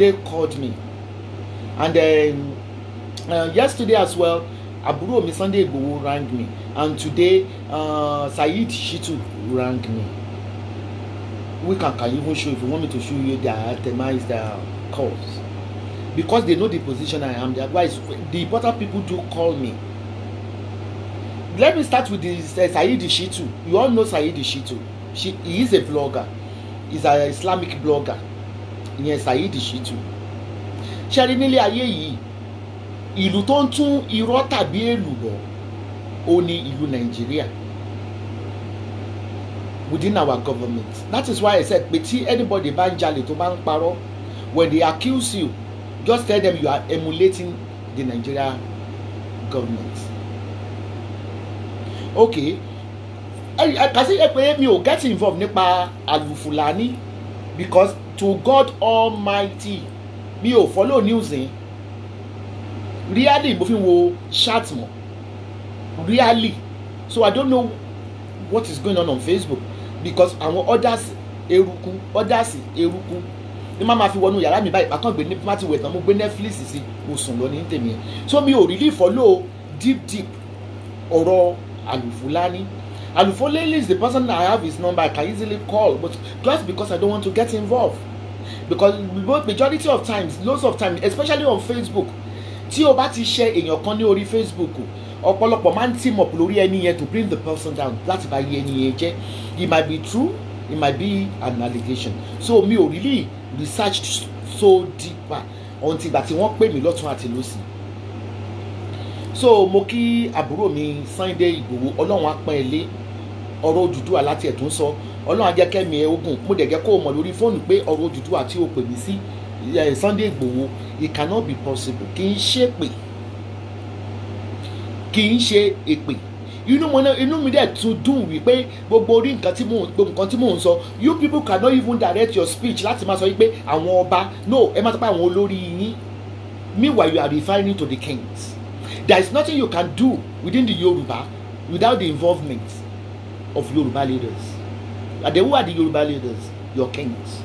they called me and then uh, yesterday as well àbúrò mi Sunday Igboho rang me and today uh, Saheed Shittu rang me we can can even show if you want me to show you their itemized their calls because they know the position I am there. why the important people do call me let me start with this uh, Saheed Shittu you all know Saheed Shitu. she he is a blogger Is an Islamic blogger ìyẹn Saheed Shittu ṣẹ́rí nílé ayé yìí ìlú tó ń tún irọ́ tàbí èlùbọ́ ó ní ìlú Nàìjíríà within our government that is why I said pé tí anybody bá ń jalè tó bá ń parọ́ when they accuse you just tell them you are emulating the Nigeria government okay kàṣí ẹ pé mi ò get involved nípa alufulani, because to God Almighty mi ò follow news yẹn really mo fi wo chat mo. really so I don't know what is going on on Facebook because àwọn others eruku others eruku ní má máa fi wọnú yàrá mi báyìí bákan gbé ní pátí wẹ̀ tán mo gbé Netflix sí mo sùn lọ tèmi yẹn so mi ò really follow deep deep ọ̀rọ̀ Alufulani Alufulani is the person I have his number I can easily call but just because I don't want to get involved because majority of times lots of times especially on Facebook tí o bá ti ṣe èèyàn kan ní orí Facebook ọ̀pọ̀lọpọ̀ máa ń team up lórí ẹni yẹn to bring the person down láti bá yẹ ẹni yẹn jẹ́ it might be true it might be an allegation so mi ò really research so deeper until ìgbà tí wọ́n pè mí lọ́tún àti lọ́sì so mo kí àbúrò mi Sunday Ìgbòho ọlọ́run á pẹ́ ẹ lé ọ̀rọ̀ Odùduwà láti ẹ̀tún sọ ọlọ́run á jẹ́ kẹ́mi ẹ̀ ogun mo dẹ̀ jẹ́ kó o mọ̀ lórí fóònù pé ọ̀rọ̀ òtútù àti o pè mí sí Sunday Igboho it cannot be possible kì í ṣe pè kì í ṣe èpè inú mo náà inú mi dẹ̀ tún dùn wípé gbogbo orí nǹkan tí mò ń gbogbo nǹkan tí mò ń sọ you people cannot even direct your speech láti máa sọ wípé àwọn ọba no ẹ má sọ pé àwọn olórí yín meanwhile you are referring to the kings there is nothing you can do within the Yoruba without the involvement of Yoruba leaders. And who are the Yoruba leaders? Your kings.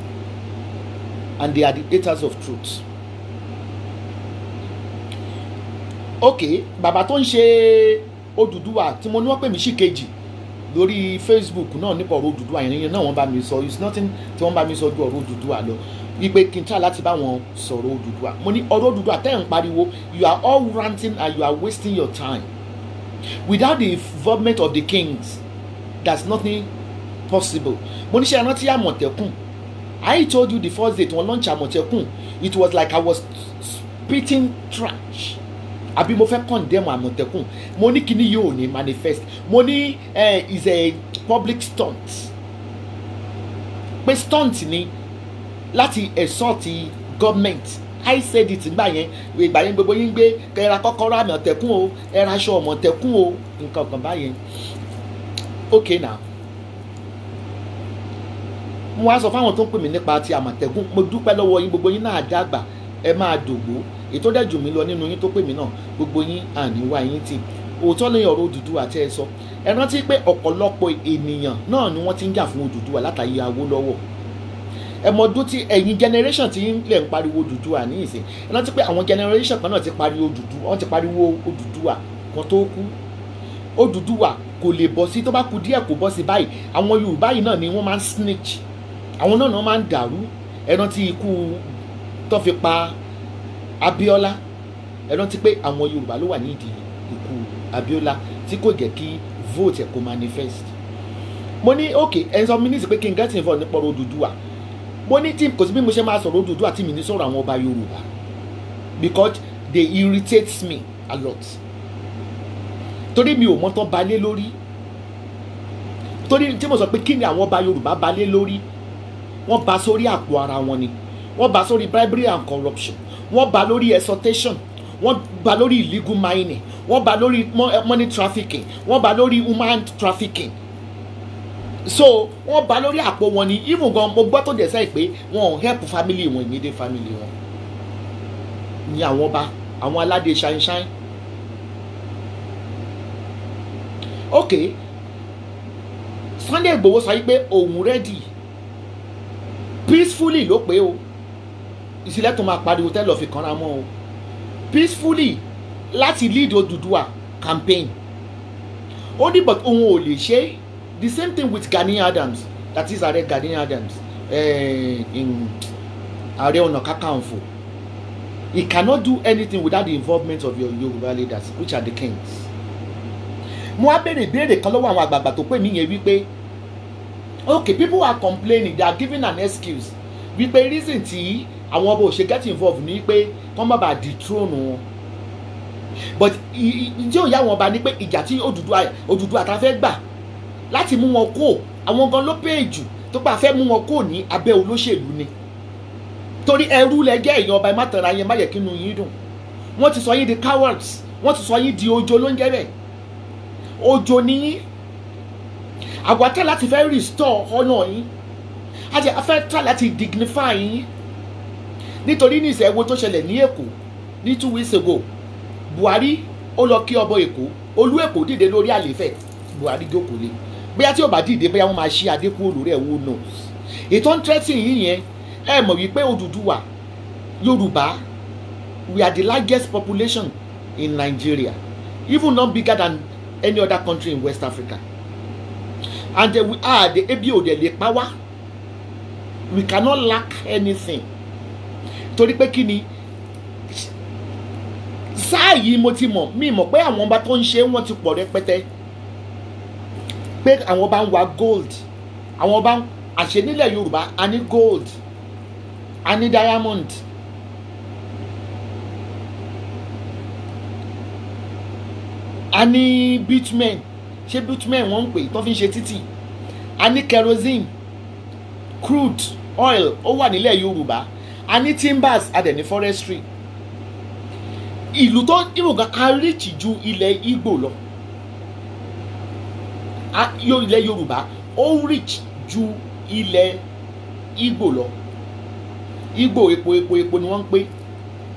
And they are the haters of truth. Okay, bàbá tó ń ṣe Odùduwà tí mo ní wọ́n pè mí sí kejì lórí Facebook náà nípa ọ̀rọ̀ Odùduwà yẹn náà wọ́n bá mi sọ it's nothing tí wọ́n bá mi sọ ju ọ̀rọ̀ Odùduwà lọ wípé kí n tà láti bá wọn sọ̀rọ̀ Odùduwà mo ní ọ̀rọ̀ Odùduwà tẹ́ ẹ̀ ń pariwo you are all ranting and you are wasting your time without the involvement of the kings there's nothing possible mo níṣẹ́ rántí àmọ̀tẹ́kùn I told you the first day tí wọ́n launch àmọ̀tẹ́kùn it was like I was spitting trash àbí mo fẹ́ condemn àmọ̀tẹ́kùn mo ní kíní yóò ní manifest mo ní uh, is a public stunt pé stunt ni láti ẹ̀sọ́ọ̀tì government I said it ìgbà yẹn ìgbà yẹn gbogbo yín gbé ẹra kọ́kọ́rọ́ àmọ̀tẹ́kùn o ẹra aṣọ àmọ̀tẹ́kùn o nǹkan kan báyẹn okay now mo wá sọ fáwọn tó ń pè mí nípa ti àmọ̀tẹ́kùn mo dúpẹ́ lọ́wọ́ yín gbogbo yín náà dàgbà ẹ máa dògbó ètò dẹ̀jù mí lọ nínú yín tó pè mí náà gbogbo yín àníwá yín tì òótọ́ lẹ́yìn ọ̀rọ̀ Odùduwà àti ẹ ẹ rántí pé ọ̀pọ̀lọpọ̀ ènìyàn náà ni wọ́n ti ń jà fún Odùduwà látàyè Awólọ́wọ̀ ẹmọdún tí ẹ̀yin generation ti ń lẹ̀ ń pariwo Odùduwà ní ìsìn ẹ rántí pé àwọn generation kan náà ti pariwo Odùduwà wọ́n ti pariwo Odùduwà kan tó kú Odùduwà kò lè bọ́ sí tó bá kú díẹ̀ kò bọ́ sí báyìí àwọn Yorùbá yìí náà ni wọ́n máa ń snitch àwọn náà máa ń dàrú ẹran tí ikú tó fi pa Abíọ́lá ẹran tí pé àwọn Yorùbá ló wà nídìí ikú Abíọ́lá tí kò jẹ́ kí vote ẹ̀ kó manifest mo ní ok ẹnso mi ní ìsìnkú kí n get involved nípa ọ̀rọ̀ Odùduwà mo ní tí kò sí bí mo ṣe máa sọ̀rọ̀ Odùduwà tí mi ní sọ̀rọ̀ àwọn ọba Yorùbá because they irritate me a lot torí mi ò mọ́tọ́ balẹ̀ lórí torí tí mo sọ pé kí ni àwọn ọba Yorùbá balẹ̀ lórí wọ́n bá sórí àpò ara wọn ni wọ́n bá sórí bribery and corruption wọ́n bá lórí exhortation wọ́n bá lórí illegal mining wọ́n bá lórí eh, money trafficking wọ́n bá lórí human trafficking so wọ́n bá lórí àpò wọn ni even gan mo gbọ́ tó dẹ̀ sẹ́yìn pé wọn ò help family wọn ìyédè family wọn ni àwọn ọba àwọn aládé ṣáínṣáín ok Sunday Igboho sọ yìí pé òun rẹ́dì peacefully ló pé o ìsílẹ̀ tó máa pariwo tẹ́lọ̀ fi kanra mọ́ o peacefully láti lead Odùduwà campaign ó ní but òun ò lè ṣe the same thing with Gani Adams that is ààrẹ Gani Adams eh, ààrẹ ọ̀nà kakanfò he cannot do anything without the involvement of your Yoruba leaders which are the kings mo wá béèrè ìbéèrè kan lọ́wọ́ àwọn àgbààgbà tó pè mí yẹn wípé okay people are complaining they are giving an excuse wípé reason tí àwọn ọba ò ṣe get involved ní pé kán má bàa dethrone wọn but ìdí òyà wọn ba ni pé ìjà tí Odùduwà ta fẹ́ gbà láti mú wọn kó àwọn gan ló péjù tó pa fẹ́ mú wọn kó ní abẹ́ olóṣèlú ni torí ẹrú lẹ́gẹ́ èèyàn ọba ẹ má tanra yẹn má yẹ kínú yín dùn wọ́n ti sọ yín di cowards wọ́n ti sọ yín di ojo ló ń jẹ́ bẹ́ẹ̀ ojo ni yín àwa try láti fẹ́ restore honor yín àti afẹ́ try láti dignify yín nítorí ní ìṣẹ̀wò tó ṣẹlẹ̀ ní èkó ní two weeks ago buhari ó lọ kí ọbọ èkó olú èkó dìde lórí àlèfẹ buhari jókòó lé bóyá tí ó bá dìde bóyá wọn máa ṣí adékú olórí ẹ̀ wò nù ìtàn threatening yìí yẹn ẹ mọ̀ wípé Odùduwà yorùbá we are the largest population in Nigeria even not bigger than any other country in West Africa and then we are the ebi ò dẹ̀ lè we cannot lack anything torí pé kí ni sáà yìí mo ti mọ̀ mi mọ̀ pé àwọn ọba tó ń ṣe wọ́n ti pọ̀ rẹpẹtẹ pé àwọn ọba ń wa gold àwọn ọba àṣẹ nílẹ̀ Yorùbá a ní gold a ní diamond a ní bitumen ṣé bitumen wọ́n ń pè tó fi ń ṣe títì a ní kerosene crude oil ó wà nílẹ̀ yorùbá a ní timbers a dẹ̀ ní forestry ìlú tó ìrògàn a ríjì ju ilẹ̀ Ìgbò lọ ilẹ̀ yorùbá ó ríjì ju ilẹ̀ Ìgbò lọ Ìgbò epo epo epo ni wọ́n ń pè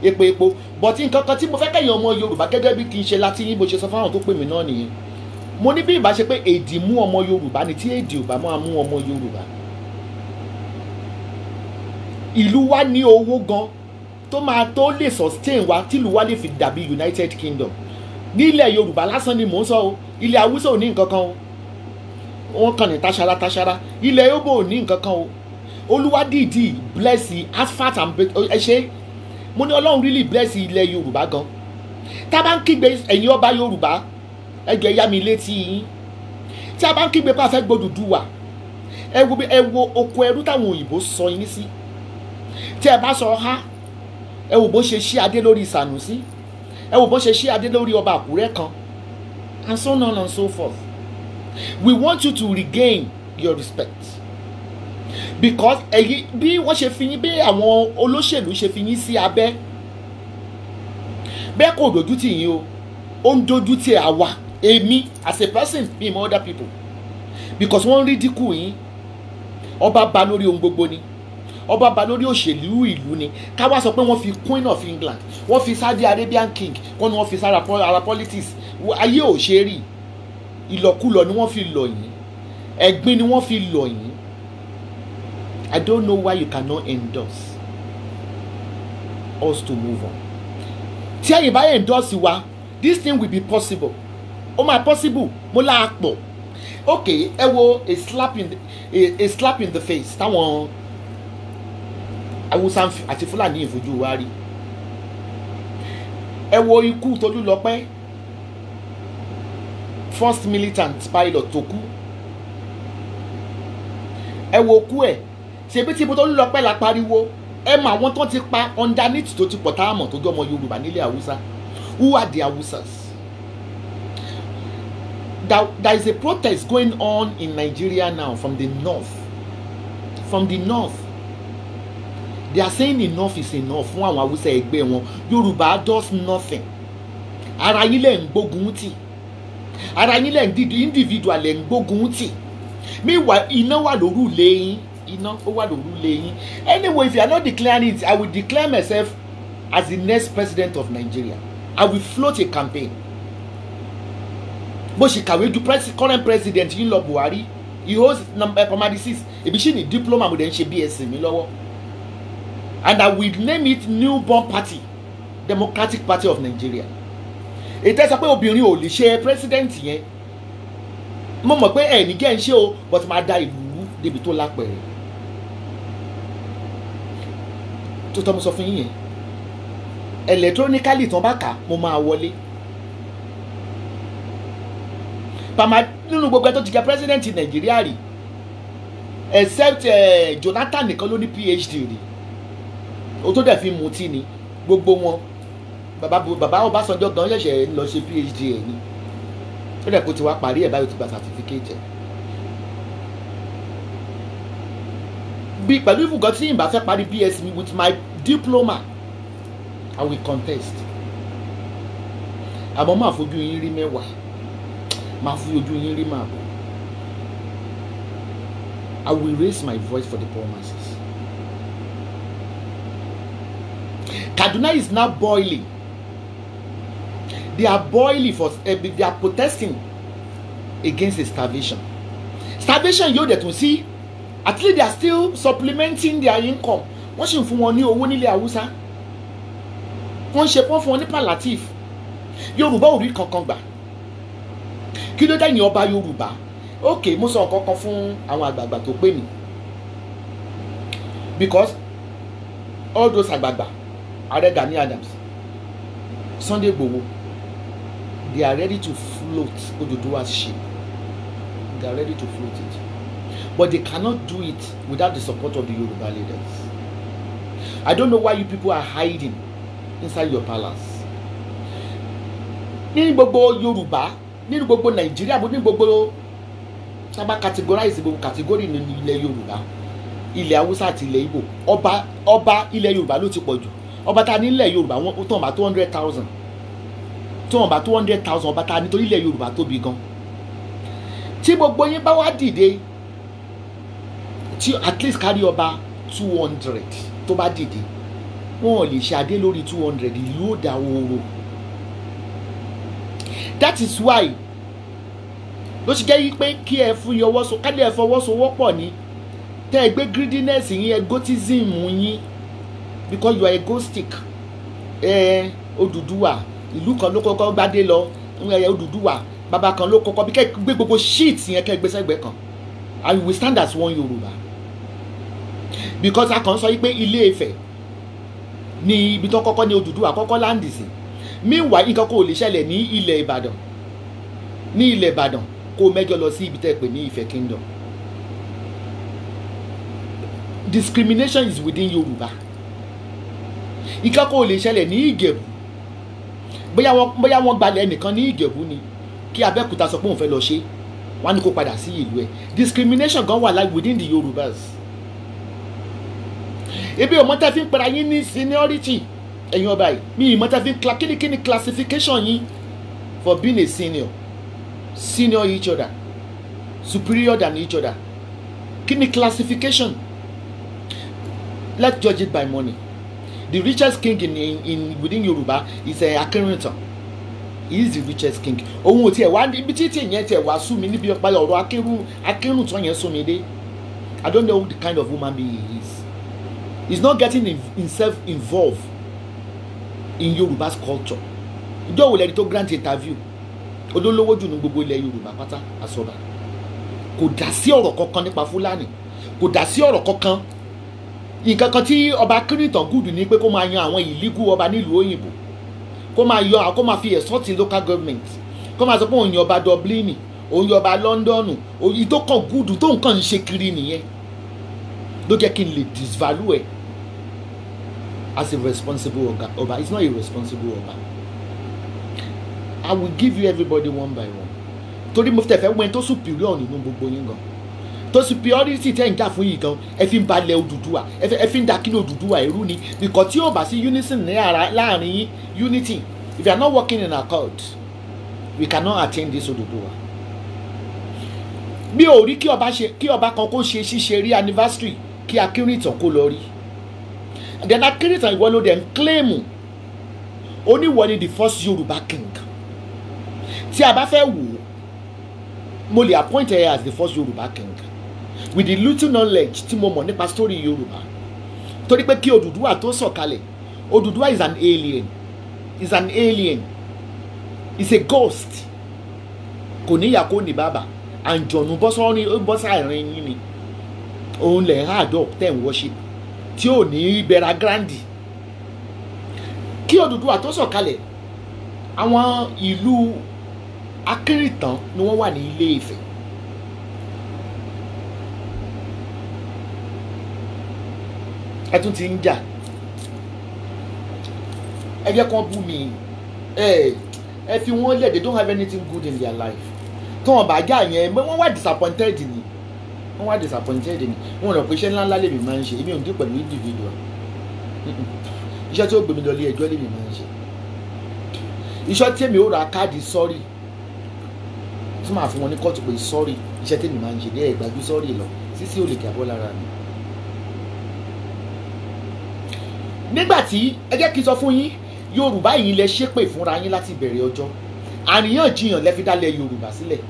epo epo bọ̀tí nǹkan kan tí mo fẹ́ kẹ́yìn ọmọ yorùbá gẹ́gẹ́ bí kì í ṣe láti yín bó ṣe sọ fáwọn tó pè mí náà nìyẹn mo ní bí ìbá ṣe pé èdè mú ọmọ yorùbá ni tí èdè ò bá máa mú ọmọ yorùbá ìlú wa ní owó gan tó máa tó lè sustain wa tìlú wa lè fi dàbí united kingdom nílẹ̀ yorùbá lásán ni mò ń sọ o ilẹ̀ haúsá ò ní nǹkan kan o wọ́n kàn ní tására tására ilẹ̀ yóbò ò ní nǹkan kan o olúwadìdì bless asphalt and ẹ ṣe mo ní ọlọ́run really bless ilẹ̀ yorùbá gan tá a bá ń kígbe ẹ̀yin ọba yorùbá ẹ jẹ́ mi létí yín tí a bá ń kígbe pé fẹ́ gbódùdú wa ẹ wo ẹ wo oko ẹrú táwọn òyìnbó sọ yín sí tí ẹ bá sọ ha ẹ wò bó ṣe ṣí adé lórí Sànúsí ẹ wò bó ṣe ṣí adé lórí ọba Àkúrẹ́ kan and so on and so forth we want you to regain your respect because èyí bí wọ́n ṣe fi yín bí àwọn olóṣèlú ṣe fi yín sí abẹ́ bẹ́ẹ̀ kò dojú tì yín o ó ń dojú tì àwa èmi as a person mi mọ other people because wọ́n ridicule yín ọba ba lórí ohun gbogbo ni ọba ba lórí òṣèlú ìlú ni ká wá sọ pé wọ́n fi queen of england wọ́n fi saudi arabian king wọ́n ní wọ́n fi sára ara politics ayé ò ṣe rí ìlọkulọ ni wọ́n fi lọ yín ẹ̀gbin ni wọ́n fi lọ yín i don't know why you cannot endorse us to move on tí ẹ̀yin bá endorse wa this thing will be possible ó máa possible mo là á pọ̀ ok ẹ wo a slap in the, a, a slap in the face táwọn Haúsá àti Fúlàní ìfojú wa rí ẹ wo ikú Tolúlọpẹ́ first militant pilot tó kú ẹ wo kú ẹ ṣebí tí Tolúlọpẹ́ la pariwo ẹ mọ àwọn tó ti pa underneath tó ti pọ̀ tá a mọ̀ tó jọmọ Yorùbá nílẹ̀ Haúsá who are the Hausas there, there is a protest going on in Nigeria now from the north. From the north. They are saying enough is enough fún àwọn Haúsá ẹgbẹ́ wọn. Yorùbá does nothing. Ara yín lẹ̀ ń gbógun tì. Ara yín lẹ̀ ń dìde individual lẹ̀ ń gbógun tì. Meanwhile, iná wà lóru lẹ́yìn. Iná ó wà lóru lẹ́yìn. Anyway, if you are not declaring it, I will declare myself as the next president of Nigeria. I will float a campaign bó ṣe kàwé ju current president yìí lọ Buhari he holds number eh, primary six ebi ṣì ní diploma mo dẹ̀ ń ṣe BSc mi lọ́wọ́ and I will name it newborn party Democratic Party of Nigeria ètò ẹ sọ pé obìnrin ò lè ṣe president yẹn mo mọ̀ pé ẹ̀ ní gẹ́ ń ṣe o but máa da ìlú rú débi tó lápẹ̀rẹ̀ tó tọ́ mo sọ fún yín yẹn electronically tán bá kà mo máa wọlé. pàmà nínú gbogbo ẹ tó ti jẹ president nàìjíríà rí except eh, Jonathan nìkan ló ní PhD rí o tó dẹ̀ fi mutí ni gbogbo wọn bàbá bàbá Ọbásanjọ́ gan ṣẹ̀ṣẹ̀ ń lọ ṣe PhD ẹ̀ ni ó dẹ̀ kó ti wá parí ẹ̀ báyìí ó ti gba certificate ẹ̀. bí pẹ̀lú ìfúngàn tí ìbá fẹ́ parí BSc with my diploma I will contest àmọ́ máa fojú yín rí mẹ́wàá máa fi ojú yín rí màá bọ̀ I will raise my voice for the poor masses. Kaduna is now boiling. They are boiling for eh, they are protesting against the starvation. Starvation yóò dẹ̀ tún sí at least they are still supplementing their income. Wọ́n sì ń fún wọn ní owó nílẹ̀ Haúsá. Wọ́n ń ṣe pọ́n fún wọn ní palliative. Yorùbá ò rí kankan gbà kí ló dẹ́yìn ọba yorùbá ok mo sọ nǹkan kan fún àwọn àgbààgbà tó pè mí because all those àgbààgbà ààrẹ Gani Adams Sunday Igboho they are ready to float Oduduwa's ship they are ready to float it but they cannot do it without the support of the Yoruba leaders I don't know why you people are hiding inside your palace ní gbogbo Yorùbá nínú gbogbo nàìjíríà bó ní gbogbo sábà categorize gbogbo category nínú ilẹ̀ yorùbá ilẹ̀ haúsá àti ilẹ̀ ìgbò ọba ọba ilẹ̀ yorùbá ló ti pọ̀ jù ọba ta ní ilẹ̀ yorùbá wọn tó wọn bá two hundred thousand tó wọn bá two hundred thousand ọba ta nítorí ilẹ̀ yorùbá tóbi gan tí gbogbo yín bá wá dìde tí at least kárí ọba two hundred tó bá dìde wọn ò lè ṣe adé lórí two hundred ìlú ò dá oorun that is why ló ṣe jẹ́ yí pé kí ẹ fún yọwọ́ so ká lè ẹ fọwọ́sowọ́pọ̀ ní tẹ́ ẹ gbé greediness yín egotism yín because you are egoistic ẹ Odùduwà ìlú kan ló kọ́kọ́ gbadé lọ Odùduwà bàbá kan ló kọ́kọ́ bí kẹ́ gbé gbogbo shit yẹn kẹ́ gbé sẹ́gbẹ̀ẹ́ kan and we stand as one Yorùbá because a kàn sọ yí pé Ilé Ifẹ̀ ni ibi tó kọ́kọ́ ní Odùduwà kọ́kọ́ láǹdì meanwhile nǹkan kò lè ṣẹlẹ̀ ní ilẹ̀ ìbàdàn ní ilẹ̀ ìbàdàn kó mẹ́jọ lọ sí ibi tẹ́ pè ní ìfẹ́ kingdom discrimination is within yorùbá nǹkan kò lè ṣẹlẹ̀ ní ìjẹ̀bú bóyá wọn bóyá wọn gbalẹ̀ ẹnìkan ní ìjẹ̀bú ni kí abẹ́òkúta sọ pé òun fẹ́ lọ ṣe wọn á ní kó padà sí ìlú ẹ̀ discrimination gan wà láì within the yorùbás ebi ọmọ tẹ́ fi ń pera yín ní seniority ẹ̀yin ọba yìí mi ìmọ̀ tẹ́ fi kla kí ni kí ni classification yín for being a senior senior each other superior than each other kí ni classification let's judge it by money the richest king in in, in within Yorùbá is uh, eh, Akinrintan he is the richest king òun ò tiẹ̀ wá ibi títí yẹn tiẹ̀ wá sú mi níbi ọ̀pá ọ̀rọ̀ Akinrintan yẹn sú mi dé I don't know the kind of woman he is he's not getting himself involved in Yoruba's culture ìjọ wo lẹni tó grant interview olólówó jù ní gbogbo ilẹ̀ Yorùbá pátá àsọ̀bà kò dá sí ọ̀rọ̀ kankan nípa Fúlàní kò dá sí ọ̀rọ̀ kankan nǹkan kan tí ọba Kírìtàn gùdù ní pé kó máa yan àwọn ìlígù ọba nílùú òyìnbó kó máa yọ kó máa fi ẹ̀sọ́ ti local government kó máa sọ pé òun yan ọba Dublin òun yan ọba London òyìn tó kàn gùdù tó nǹkan ń ṣe kiri nìyẹn ló jẹ́ kí n lè disvalue ẹ̀ as a responsible Oba. Oh, it's not a responsible Oba. I will give you everybody one by one. Torí mo fẹ́ fẹ́ wẹ́n tó superior nínú gbogbo yín gan. Tó superiority tẹ̀ ń jà fún yìí gan, ẹ fi ń balẹ̀ Odùduwà, ẹ fi ń da kí ni Odùduwà ẹ̀rú ni. Because tí yóò bá sí unison ní ara láàrin yín, unity. If you are not working in accord, we cannot attain this Odùduwà. Mi ò rí kí ọba kan kó ṣe ṣíṣe rí anniversary kí Akínrìntàn kó lọ rí then akérésìtàn ìwọ ló dẹ̀ ń claim oníwọ ni the first yorùbá king tí a bá fẹ́ wò mo lè appoint her as the first yorùbá king with the little knowledge tí mo mọ̀ nípa story yorùbá torí pé kí odùduwà tó sọ̀kalẹ̀ odùduwà is an alien is an alien is a ghost kò níyà kò ní bàbá àǹjọ̀nù bọ́sọ́rin bọ́sàárín yín ni òun lẹ̀ ń adopt ten worship tí ò ní ibẹ̀rà grandi kí Odùduwà tó àwọn ìlú akínrìntàn ni wọ́n wà ní Ilé Ifẹ̀ ẹ tún ti ń jà ẹ jẹ́ kán bú mi ẹ fi wọ́n lẹ̀ they don't have anything good in their life tí wọ́n bá jà yẹn wọ́n wà disappointed ni wọ́n wá disappointed ni wọ́n rò pé iṣẹ́ ńláńlá lèmi máa ń ṣe èmi ò dín pẹ̀lú individual iṣẹ́ tí ó gbèmí lọ ilé ẹjọ́ lèmi máa ń ṣe iṣẹ́ tí èmi ó ra káàdì sọ́rí tí màá fún wọn ní kóòtù pé sọ́rí iṣẹ́ tí èmi máa ń ṣe díẹ̀ ìgbàgbé sọ́rí lọ sísí ò lè kí abọ́ lára mi. nígbà tí ẹ jẹ́ kí n sọ fún yín yorùbá yìí lẹ ṣépè fúnra yín láti bẹ̀rẹ̀ ọjọ́ àríyànjiyàn lẹ fi dálẹ̀ yorùbá sílẹ̀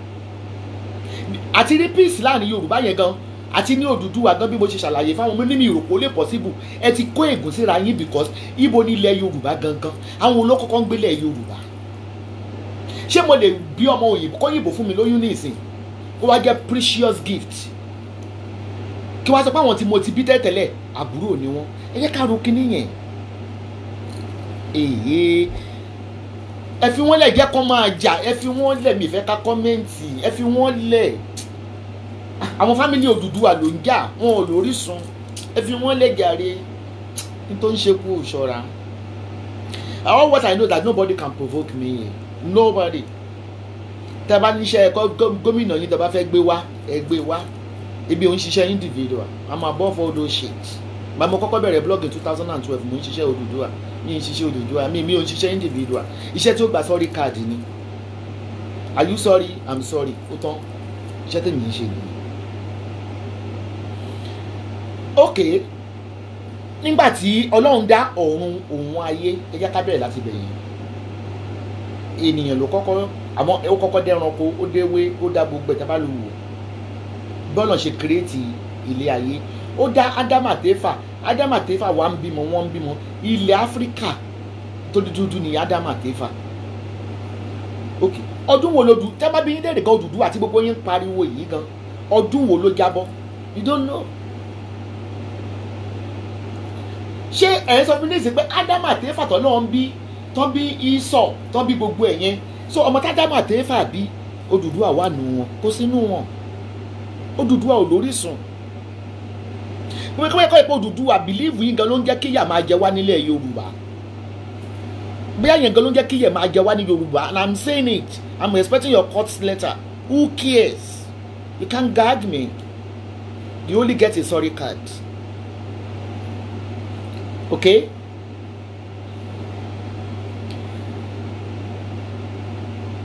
àti rí peace láàrin yorùbá yẹn gan àti ní Odùduwà gan bí mo ṣe ṣàlàyé fáwọn ọmọ nínú ìròpó lè possible ẹ ti kó ègún síra yín because ibo ni ilẹ̀ yorùbá gangan àwọn olókọ́kọ́ ń gbélé yorùbá ṣé mo lè bí ọmọ òyìnbó kọ́ yìnbó fún mi lóyún ní ìsìn kó wá jẹ́ precious gift kí wá sọ pé àwọn tí mo ti bí tẹ́tẹ́lẹ̀ àbúrò ni wọ́n ẹ jẹ́ ká ro kinní yẹn èyí ẹ fi wọ́n lẹ̀ jẹ́ kó máa jà ẹ fi wọ́n lẹ̀ mi fẹ́ ka kọ́mẹ́ǹtì ẹ fi wọ́n lẹ̀ àwọn fámìlì Odùduwà ló ń jà wọn ò lórí sun ẹ fi wọ́n lẹ̀ jàre ní tó ń ṣe kú all what I know that nobody can provoke me nobody tẹ bá níṣẹ́ ẹ̀kọ́ gómìnà yín tẹ bá fẹ́ gbé wá ẹ gbé wá ebi òun ṣiṣẹ́ individual I'm above all those shit gbà mo kọ́kọ́ bẹ̀rẹ̀ blog in two thousand and twelve mo ń ṣiṣẹ́ Odùduwà mi ń ṣiṣẹ́ Odùduwà mi mi ò ń ṣiṣẹ́ individual iṣẹ́ tí ó gba sorry card ni are you sorry i'm sorry ó tán iṣẹ́ tèmi ń ṣe nìyí. ok nígbà tí ọlọ́run dá ọ̀run òun ayé ẹ jẹ́ ká bẹ̀rẹ̀ láti bẹ̀yìn ènìyàn ló kọ́kọ́ àmọ́ ó kọ́kọ́ dẹ́ranko ó déwé ó dá gbogbo ẹ̀ta bá lò wò bọ́ọ̀lù ṣe kírètì ilé ayé ó dá ádámà tẹ́fà Adama àtẹ́fà wà ń bímọ wọ́n ń bímọ ilẹ̀ áfíríkà tó di dúdú ni ádámù àtẹ́fà ok ọdún wo ló du tábà bí yín dẹ̀rẹ̀ gan dúdú àti gbogbo yín pariwo yìí gan ọdún wo ló jábọ́ you don't know ṣé ẹ̀ ń sọ fún mi nísìnyí pé ádámù àtẹ́fà tó náà ń bí tó bí ìsọ̀ tó bí gbogbo ẹ̀ yẹn so ọmọ tádámù àtẹ́fà bí Odùduwà wà nù wọn kó sínú wọn Odùduwà ò lórí sùn wípé kọ́ ipò dúdú à bìlíìfù yìí gan ló ń jẹ́ kíyà máa jẹ wá nílẹ̀ yorùbá bí àyàn gan ló ń jẹ́ kíyà máa jẹ wá ní yorùbá and i'm saying it i'm expecting your court letter who cares you can gag me you only get a sorry card okay.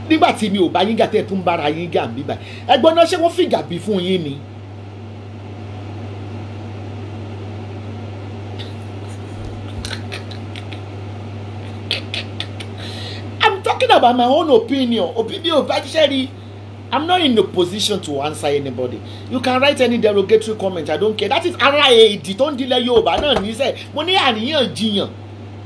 nígbà tí mi ò bá yín gà tẹ́ ẹ tún bára yín gà bíbá ẹgbọ́n náà ṣé wọ́n fìgà bí fún yín ni. about my own opinion opinion of actually i'm not in a position to answer anybody you can write any derogatory comment i don't care that is ara èdè tó ń dilẹ̀ yorùbá náà ní sẹ́ mo ní àríyànjiyàn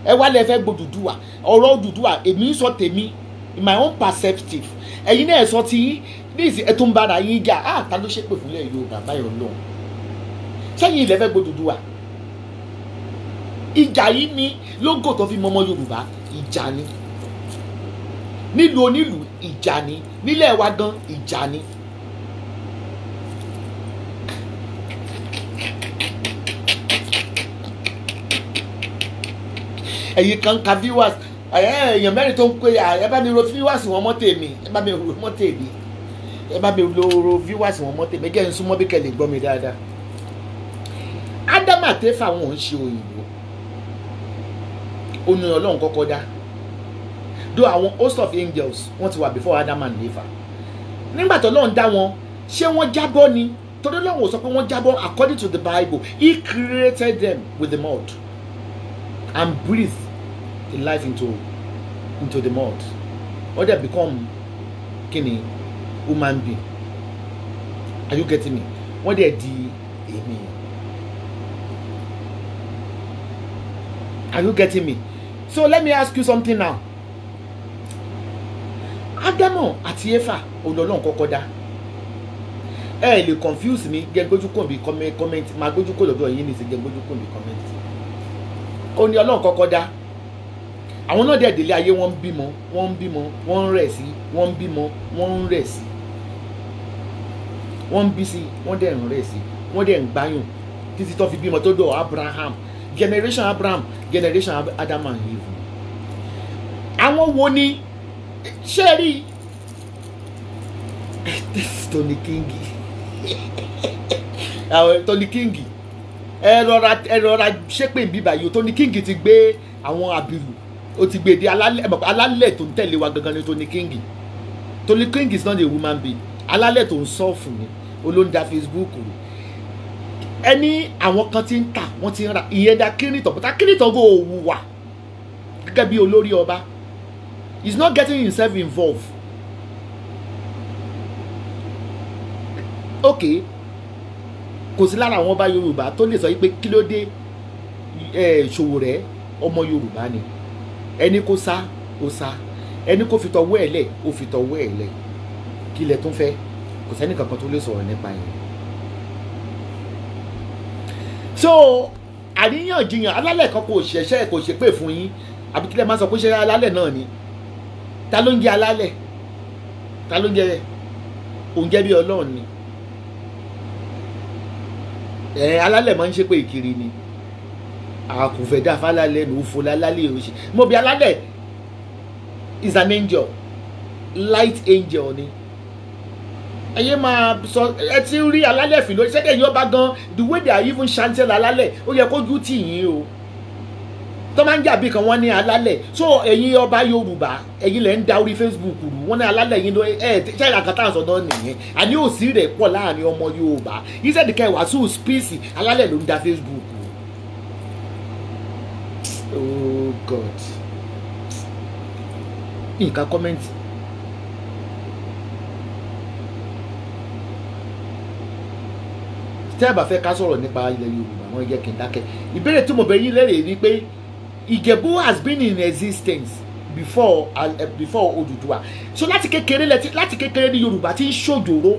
ẹ wá lẹ fẹ́ gbódùdúwà ọ̀rọ̀ dùdúwà èmi ń sọ tèmi in my own perceptive ẹ̀yin náà sọ ti yín ní ìsìn ẹ̀ tó ń bára yín jà á ah, ta ló ṣépè fúnlẹ̀ yorùbá báyọ̀ lọ́hùn sẹ́yìn ilẹ̀ fẹ́ gbódùdúwà ìjà yìí ni lóńgò tó fi mọ́mọ́ yorùbá ìjà ni nílùú onílùú ìjà ni nílẹ̀ wa gan ìjà ni. ẹ̀yin kan ka viewers èèyàn mẹ́rin tó ń pè ẹ bá mi ro viewers wọn mọ́ tèmi ẹ bá mi ro mọ́ tèmi ẹ bá mi ro viewers wọn mọ́ tèmi ẹ jẹ́ n súnmọ́ bí kẹ́ lè gbọ́ mi dáadáa. ádámà tẹ́fà wọn ò ń ṣe òyìnbó ó kọ́kọ́ dá Do àwọn host of angels wọ́n ti wà before Adam and Eva nígbà tó lọ́n dá wọn ṣé wọ́n jábọ́ ni torí lọ́wọ́ sọ pé wọ́n jábọ́ according to the Bible he created them with the mud and breathed the life into into the mud or they become kini human being are you getting me wọ́n dẹ̀ di èmi are you getting me so let me ask you something now ádámọ̀ àti éfà olọ́lọ́run kọ́kọ́ dá ẹ lè confuse mi jẹ́ gbójú kò bí comment máa gbójú kò lọ́dọ̀ yín nìsí jẹ́ gbójú kò bí comment ó ní ọlọ́run kọ́kọ́ dá àwọn náà dẹ̀ délé ayé wọ́n ń bímọ wọ́n ń bímọ wọ́n ń rẹ̀ sí wọ́n ń bímọ wọ́n ń rẹ̀ sí wọ́n ń bí sí wọ́n dẹ̀ ń rẹ̀ sí wọ́n dẹ̀ ń gbáyùn títí tó fi bímọ tó dọ̀ Abraham generation Abraham generation Adam and Eve àwọn wo ni Sherry, eh, this is Tony King àwọn Tony King ẹ rọra ẹ rọra ṣépè bíbá yìí Tony King ti gbé àwọn àbìlù ó ti gbé dé alálẹ̀ tó ń tẹ̀lé wa gangan ni Tony King Tony King is not a woman being alálẹ̀ tó ń sọ fún mi olóńda Facebook rẹ̀ ẹni àwọn kan ti ń tà wọ́n ti ń ra ìyẹn da kírìtọ̀ bọ́tà kírìtọ̀ gò wùwà gẹ́gẹ́ bí olórí ọba he's not getting himself involved okay kò sí lára àwọn ọba yorùbá tó lè sọ pé kí ló dé Sowore ọmọ yorùbá ni ẹni kó sá ó sá ẹni kó fi tọwọ́ ẹ̀ lẹ̀ ó fi tọwọ́ ẹ̀ lẹ̀ kí ilẹ̀ tó ń fẹ́ kò sẹ́ni kankan tó lè sọ̀rọ̀ nípa yẹn. so àríyànjiyàn alálẹ̀ kan kò ṣẹ̀ṣẹ̀ kò ṣe pé fún yín àbí kílẹ̀ máa sọ pé ṣe alálẹ̀ náà ni ta ló ń jẹ alálẹ̀ ta ló ń jẹ oúnjẹ bí ọlọ́run ni ẹ alálẹ̀ máa ń ṣe pé ìkiri ni àkùfẹ́ dá falálẹ̀ ló fo lálálẹ̀ yòó ṣe mo bí alálẹ̀ is an angel light angel ni ẹyẹ máa sọ ẹ ti rí alálẹ̀ fìlò ṣẹ́kẹ̀ yọba gan the way they are even chanting alálẹ̀ ó yẹ kó ju tì o tó máa ń jà bí kan wọ́n ní alálẹ̀ so ẹ̀yin ọba yorùbá ẹ̀yin lẹ ń da orí facebook rú wọ́n ní alálẹ̀ yín ló ẹ̀ ṣẹ́yìn àkàtà àsọdọ́ nìyẹn àní òsì rẹ̀ pọ̀ láàrin ọmọ yorùbá ìṣẹ̀dì kẹwàá sùn spíìsì alálẹ̀ ló ń da facebook rú. oh god nǹkan kọ́mẹ́ǹtì tẹ́ ẹ bá fẹ́ ká sọ̀rọ̀ nípa ilẹ̀ yorùbá wọ́n yẹ kí n dákẹ́ ìbéèrè tí mo bẹ yín lẹ́rìí ni pé Ìjẹ̀bú has been in existence before uh, uh before Odùduwà so láti kékeré lẹ́tí láti kékeré ní Yorùbá ti ń ṣòjòrò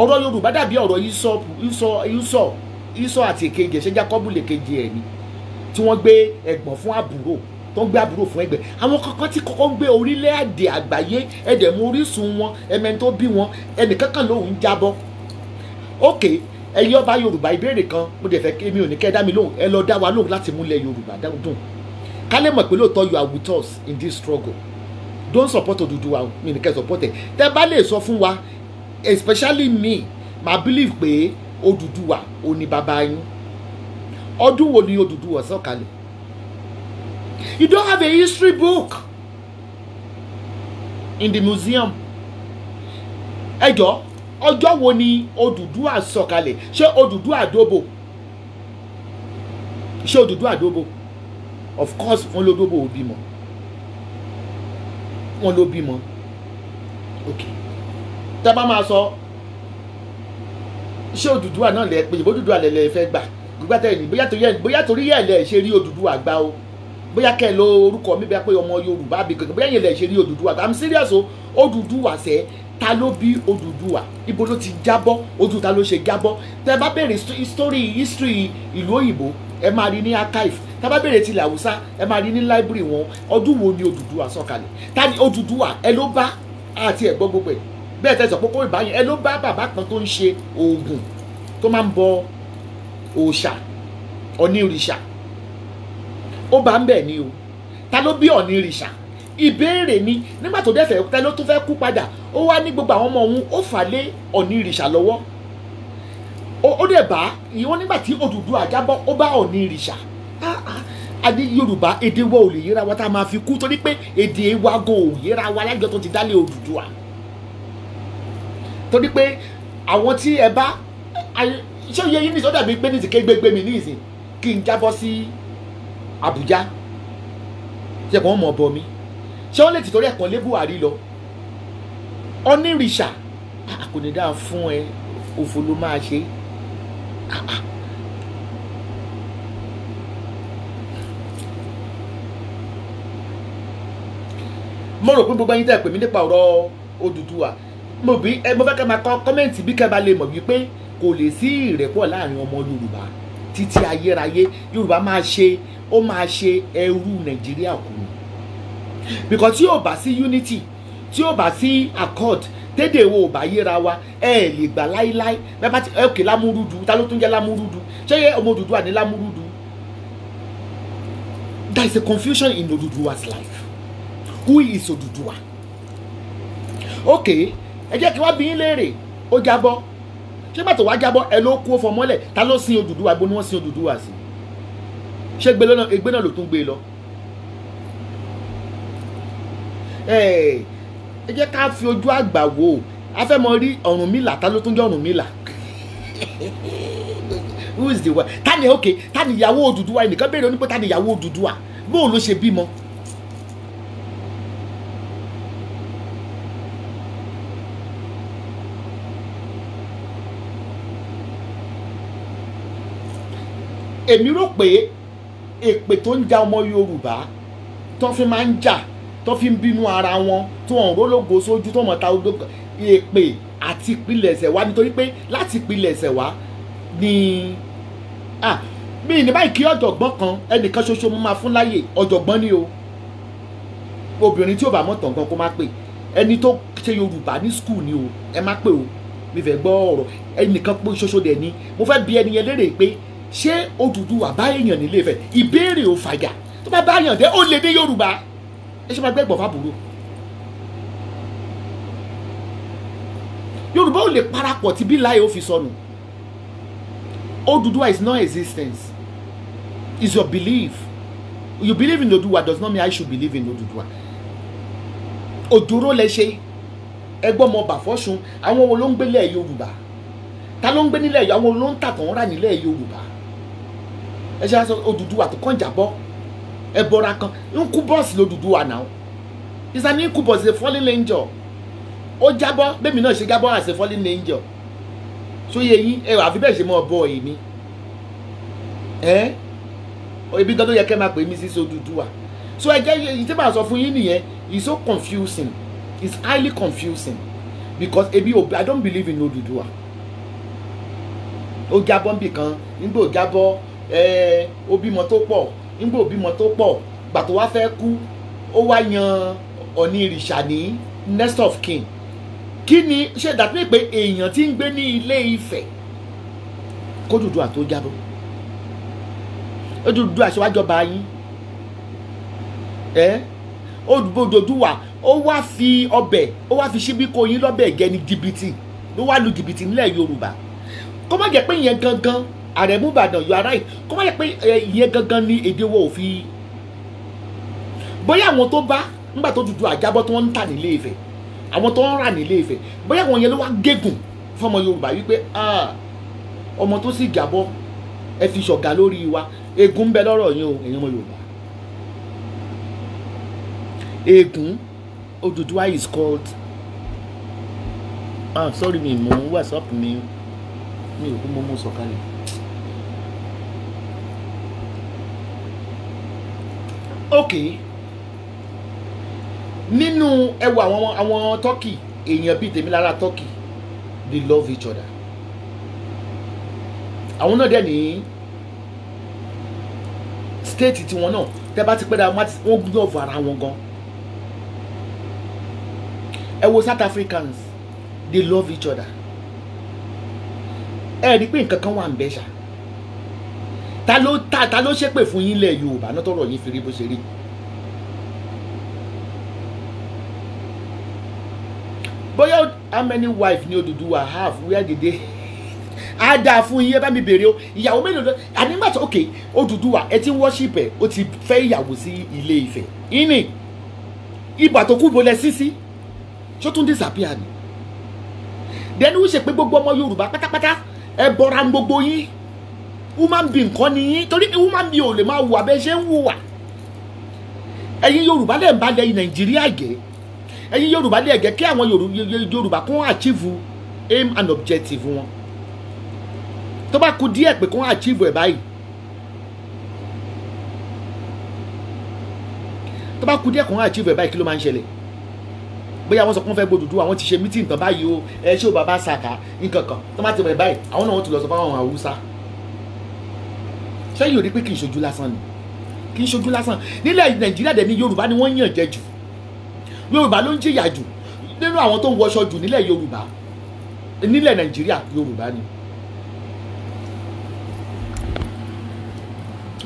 ọ̀rọ̀ Yorùbá dàbí ọ̀rọ̀ Ísọ̀ Ísọ̀ Ísọ̀ Ísọ̀ àti èkejì ẹ̀ṣẹ̀ Jákọ́bù lèkejì ẹ̀ ni tí wọ́n gbé ẹ̀gbọ́n fún àbúrò tó ń gbé àbúrò fún ẹgbẹ́ àwọn kankan tí kọ́kọ́ ń gbé orílẹ̀-èdè àgbáyé ẹ̀dẹ̀ mú orísun wọn ẹ̀mẹ́ni tó bí wọn ẹnìkankan lòun jábọ́ okay ẹ̀yin ọba yorùbá ìbéèrè kan mo dẹ̀ fẹ́ kí mi ò ní kẹ́ dá mi lóhùn ẹ lọ dá wa lóhùn láti múlẹ̀ yorùbá dùn ká lè mọ̀ pé lóòótọ́ you are with us in this struggle don't support Odùduwà mi ní kẹ́ support ẹ̀ tẹ́ bá lè sọ fún wa especially me ma believe pé Odùduwà ò ní bàbá yín ọdún wo ni Odùduwà sọ̀kalẹ̀ you don't have a history book in the museum ẹ jọ̀ọ́ ọjọ́ wo ni Odùduwà sọ̀kalẹ̀ ṣé Odùduwà dóbò ṣé Odùduwà dóbò of course wọ́n ló dóbò ó bímọ wọ́n ló bímọ ok tábà máa sọ ṣé Odùduwà náà lẹ pé ìbò Odùduwà lẹ lẹ fẹ́ gbà gbígbà tẹ̀lé bóyá torí ẹ̀ bóyá torí ẹ̀ lẹ ṣe rí Odùduwà gbá o bóyá kẹ́ ẹ lo orúkọ mi bẹ́ẹ̀ pé ọmọ Yorùbá bí kankan bóyá yẹn lẹ ṣe rí Odùduwà I'm serious o Odùduwà sẹ́ ta ló bí Odùduwà ibo ló ti jábọ́ ojú ta ló ṣe jábọ́ tẹ bá bèrè story history ìlú òyìnbó ẹ máa rí ní archive tá bá bèrè tilẹ̀ Haúsá ẹ máa rí ní library wọn ọdún wo ni Odùduwà sọ̀kalẹ̀ ta ni Odùduwà ẹ ló bá àti ẹ̀gbọ́ gbogbo ẹ̀ bẹ́ẹ̀ tẹ̀sán pé kó ìbáyẹn ẹ ló bá bàbá kan tó ń ṣe oògùn tó máa ń bọ òòṣà ọ̀ní ó bá ń bẹ̀ ni o ta ló bí ọ̀ní ìbéèrè ni nígbà tó dẹ́fẹ̀ tẹ́ ló tún fẹ́ kú padà ó wá ní gbogbo àwọn ọmọ òun ó fà lé ọ̀ní ìrìṣà lọ́wọ́ ó dẹ̀ bá ìwọ́n nígbà tí Odùduwà jábọ́ ó bá ọ̀ní ìrìṣà adé ah, ah, Yorùbá èdè wa ò lè yéra wa tá a máa fi kú torí pé èdè wa gan ò yéra wa lájọ tó ti dálé Odùduwà torí pé àwọn tí ẹ bá ṣé oyè yín nìsọ́ dàbí pé nìsín kégbégbé mi nìsín kí n jábọ́ sí Àbújá ṣe kàn mọ̀ bọ̀ mi ṣé wọ́n lè tìtorí ẹ̀kọ́ lé Buhari lọ onírìṣà ah, kò ní dáa fún ẹ òfò ló máa ṣe ah, ah. mo rò pé gbogbo ẹ̀yin tẹ́ pè mí nípa ọ̀rọ̀ Odùduwà mo bí ẹ mo fẹ́ kẹ́ máa kọ kọ́mẹ́ǹtì bí kẹ́ bá lè mọ̀ wípé kò lè sí ìrẹ́pọ̀ láàrin ọmọ Yorùbá títí ayérayé Yorùbá máa ṣe ó máa ṣe ẹrú Nàìjíríà kù because tí ò bá sí unity tí ò bá sí accord dédé wo ò bá yéra wa ẹ ẹ lè gbà láíláí bẹ́ẹ̀ bá ti ẹ òkè lámúrúdu ta ló tún jẹ́ lámúrúdu ṣé yẹ ọmọ Odùduwà ní lámúrúdu there is a confusion in Oduduwa's life who is Oduduwa okay ẹ jẹ́ kí wá bí yín léèrè ó jábọ́ ṣé bàtò wá jábọ́ ẹ ló kú fọmọ́lẹ̀ ta ló sin Oduduwa gbóni wọ́n sin Oduduwa sí ṣé gbé náà ló tún gbé lọ. ẹ jẹ́ ká fi ojú àgbà wò a fẹ́ mọ rí Ọ̀rúnmìlà ta ló tún jẹ́ Ọ̀rúnmìlà who is the one ta ni ok ta ni ìyàwó Odùduwà ẹnìkan béèrè onípẹ́ ta ni ìyàwó Odùduwà bóò ló ṣe bímọ. èmi rò pé èpè tó ń ja ọmọ Yorùbá tó fi máa ń jà tó fi ń bínú ara wọn tó hàn rólógo sójú tó mọ̀ ta gbogbo èpè àti ìpilẹ̀ṣẹ̀ wá nítorí pé láti ìpilẹ̀ṣẹ̀ wá ni ah mi ní báyìí kí ọ̀jọ̀gbọ́n kan ẹnìkan ṣoṣo mo máa fún láyè ọ̀jọ̀gbọ́n ni o obìnrin tí ò bá mọ̀ tàn gan kó má pè ẹni tó ṣe Yorùbá ní skul ni o ẹ má pè o mi fẹ́ gbọ́ ọ̀rọ̀ ẹnìkan pé ṣoṣo dẹ̀ ni mo fẹ́ bi ẹni yẹn léèrè pé ṣé Odùduwà bá èèyàn nílé Ifẹ̀ ìbéèrè ò fàjà tó bá bá èèyàn dé ó lè ní Yorùbá ẹ ṣe máa gbẹ́gbọ̀ fábùrò yorùbá ò lè parapọ̀ tí bí láyé fi sọnù Oduduwa is not existence is your belief you believe in Oduduwa does not mean I should believe in Oduduwa òdúró lẹ ṣe ẹgbọ́n ọmọ bàfọ́sùn àwọn wo ló ń gbélé yorùbá ta ló ń gbé nílẹ̀ àwọn ló ń tàtàn rà nílẹ̀ yorùbá ẹ ṣe àṣọ Oduduwa tó kàn jábọ́ ẹbọra kan incubus lódùdú wa náà is an incubus is a fallen angel ó jábọ́ bẹ́ẹ̀mi náà ṣe jábọ́ as a fallen angel so yẹ yín ẹ àfi bẹ́ẹ̀ ṣe mọ́ ọbọ èmi ẹ ebi gan ló yẹ kẹ́ máa pè mí sí Odùduwà so ẹ jẹ́ èyí tí màá sọ fún yín nìyẹn it's so confusing it's highly confusing because ebi I don't believe in Odùduwà ó jábọ́ nbì kan nígbà ó jábọ́ ẹ ó tó pọ̀ ńgbò bímọ tó pọ̀ gbà tó wá fẹ́ kú ó wá yan ọ̀ní ìrìṣà ní next of kin kí ni ṣe dàbí pé èèyàn tí ń gbé ní ilé Ifẹ̀ kó dùdú àtó jábọ̀ ó dùdú àṣewájọba yín ẹ ó dòdò ó wá fi ọbẹ̀ ó wá fi ṣíbí kó yín lọ́bẹ̀ gẹ ní jìbìtì ló wá lu jìbìtì nílẹ̀ Yorùbá kó má jẹ́ pé ìyẹn gangan àrẹ̀mú ìbàdàn you are right kó má yẹ pé ìyẹn gangan ni èdè wo ò fi bóyá àwọn tó bá nígbà tó dúdú àjábọ́ tó wọ́n ń tà nílé Ifẹ̀ àwọn tó ń rà nílé Ifẹ̀ bóyá àwọn yẹn ló wá gégùn fọmọ Yorùbá wípé ọmọ tó sì jábọ́ ẹ fi ṣọ̀gá lórí wa ègún ń bẹ lọ́rọ̀ yín o èyàn ọmọ Yorùbá ègún Odùduwà is called ah sorry mi mo whatsapp mi mi ò kú mo mú sọ̀kalẹ̀. okay nínú ẹwà àwọn àwọn turkey èèyàn bíi tèmi lára turkey they love each other àwọn náà dẹ̀ ní state tiwọn náà tẹ́ bá ti pẹ́ dáa wọ́n gbúdọ̀ fún ara wọn gan ẹ wo South Africans they love each other ẹ rí i pé nǹkan kan wà ń bẹ ṣáà ta ló ta ta ló ṣépè fún yín lẹ̀ Yorùbá náà tọrọ yín fi rí bó ṣe rí. bóyá how many wife ni Odùduwà have where did they á dáa fún yín ẹ bá mi bèrè o ìyàwó mélòó lọ ànígbà tó ok Odùduwà ẹ ti ń worship ẹ ó ti fẹ́ ìyàwó sí Ilé Ifẹ̀ ìní ibà tó kú bolẹ̀ sísí ṣó tún disappear ni dẹ́nu ṣe pé gbogbo ọmọ Yorùbá pátápátá ẹ bọra gbogbo yín woman being kọ́ ni yín torí pé woman being ò lè máa wùwà bẹ́ẹ̀ ṣe ń wùwà ẹ̀yin yorùbá lè ń balẹ̀ nàìjíríà gẹ̀ ẹ̀yin yorùbá lè gẹ̀ kí àwọn yorùbá kún achieve aim and objective wọn tó bá ku díẹ̀ pé kún achieve ẹ̀ báyìí tó bá ku díẹ̀ kún achieve ẹ̀ báyìí kí ló máa ń ṣẹlẹ̀ bóyá wọ́n sọ pé wọ́n fẹ́ gbódùdú àwọn ti ṣe mítì nǹkan báyìí o ẹ ṣé o bàbá sàkà nǹkan kan tó bá ti mọ̀ ẹ̀ báyìí àwọn náà wọ́n ti lọ sọ fún àwọn sẹ́yìn ò rí pé kì í ṣojú lásán ni kì í ṣojú lásán nílẹ̀ nàìjíríà dẹ̀ ni yorùbá ni wọ́n yàn jẹ jù yorùbá ló ń jìyà jù nínú àwọn tó ń wọṣọ jù nílẹ̀ yorùbá nílẹ̀ nàìjíríà yorùbá ni.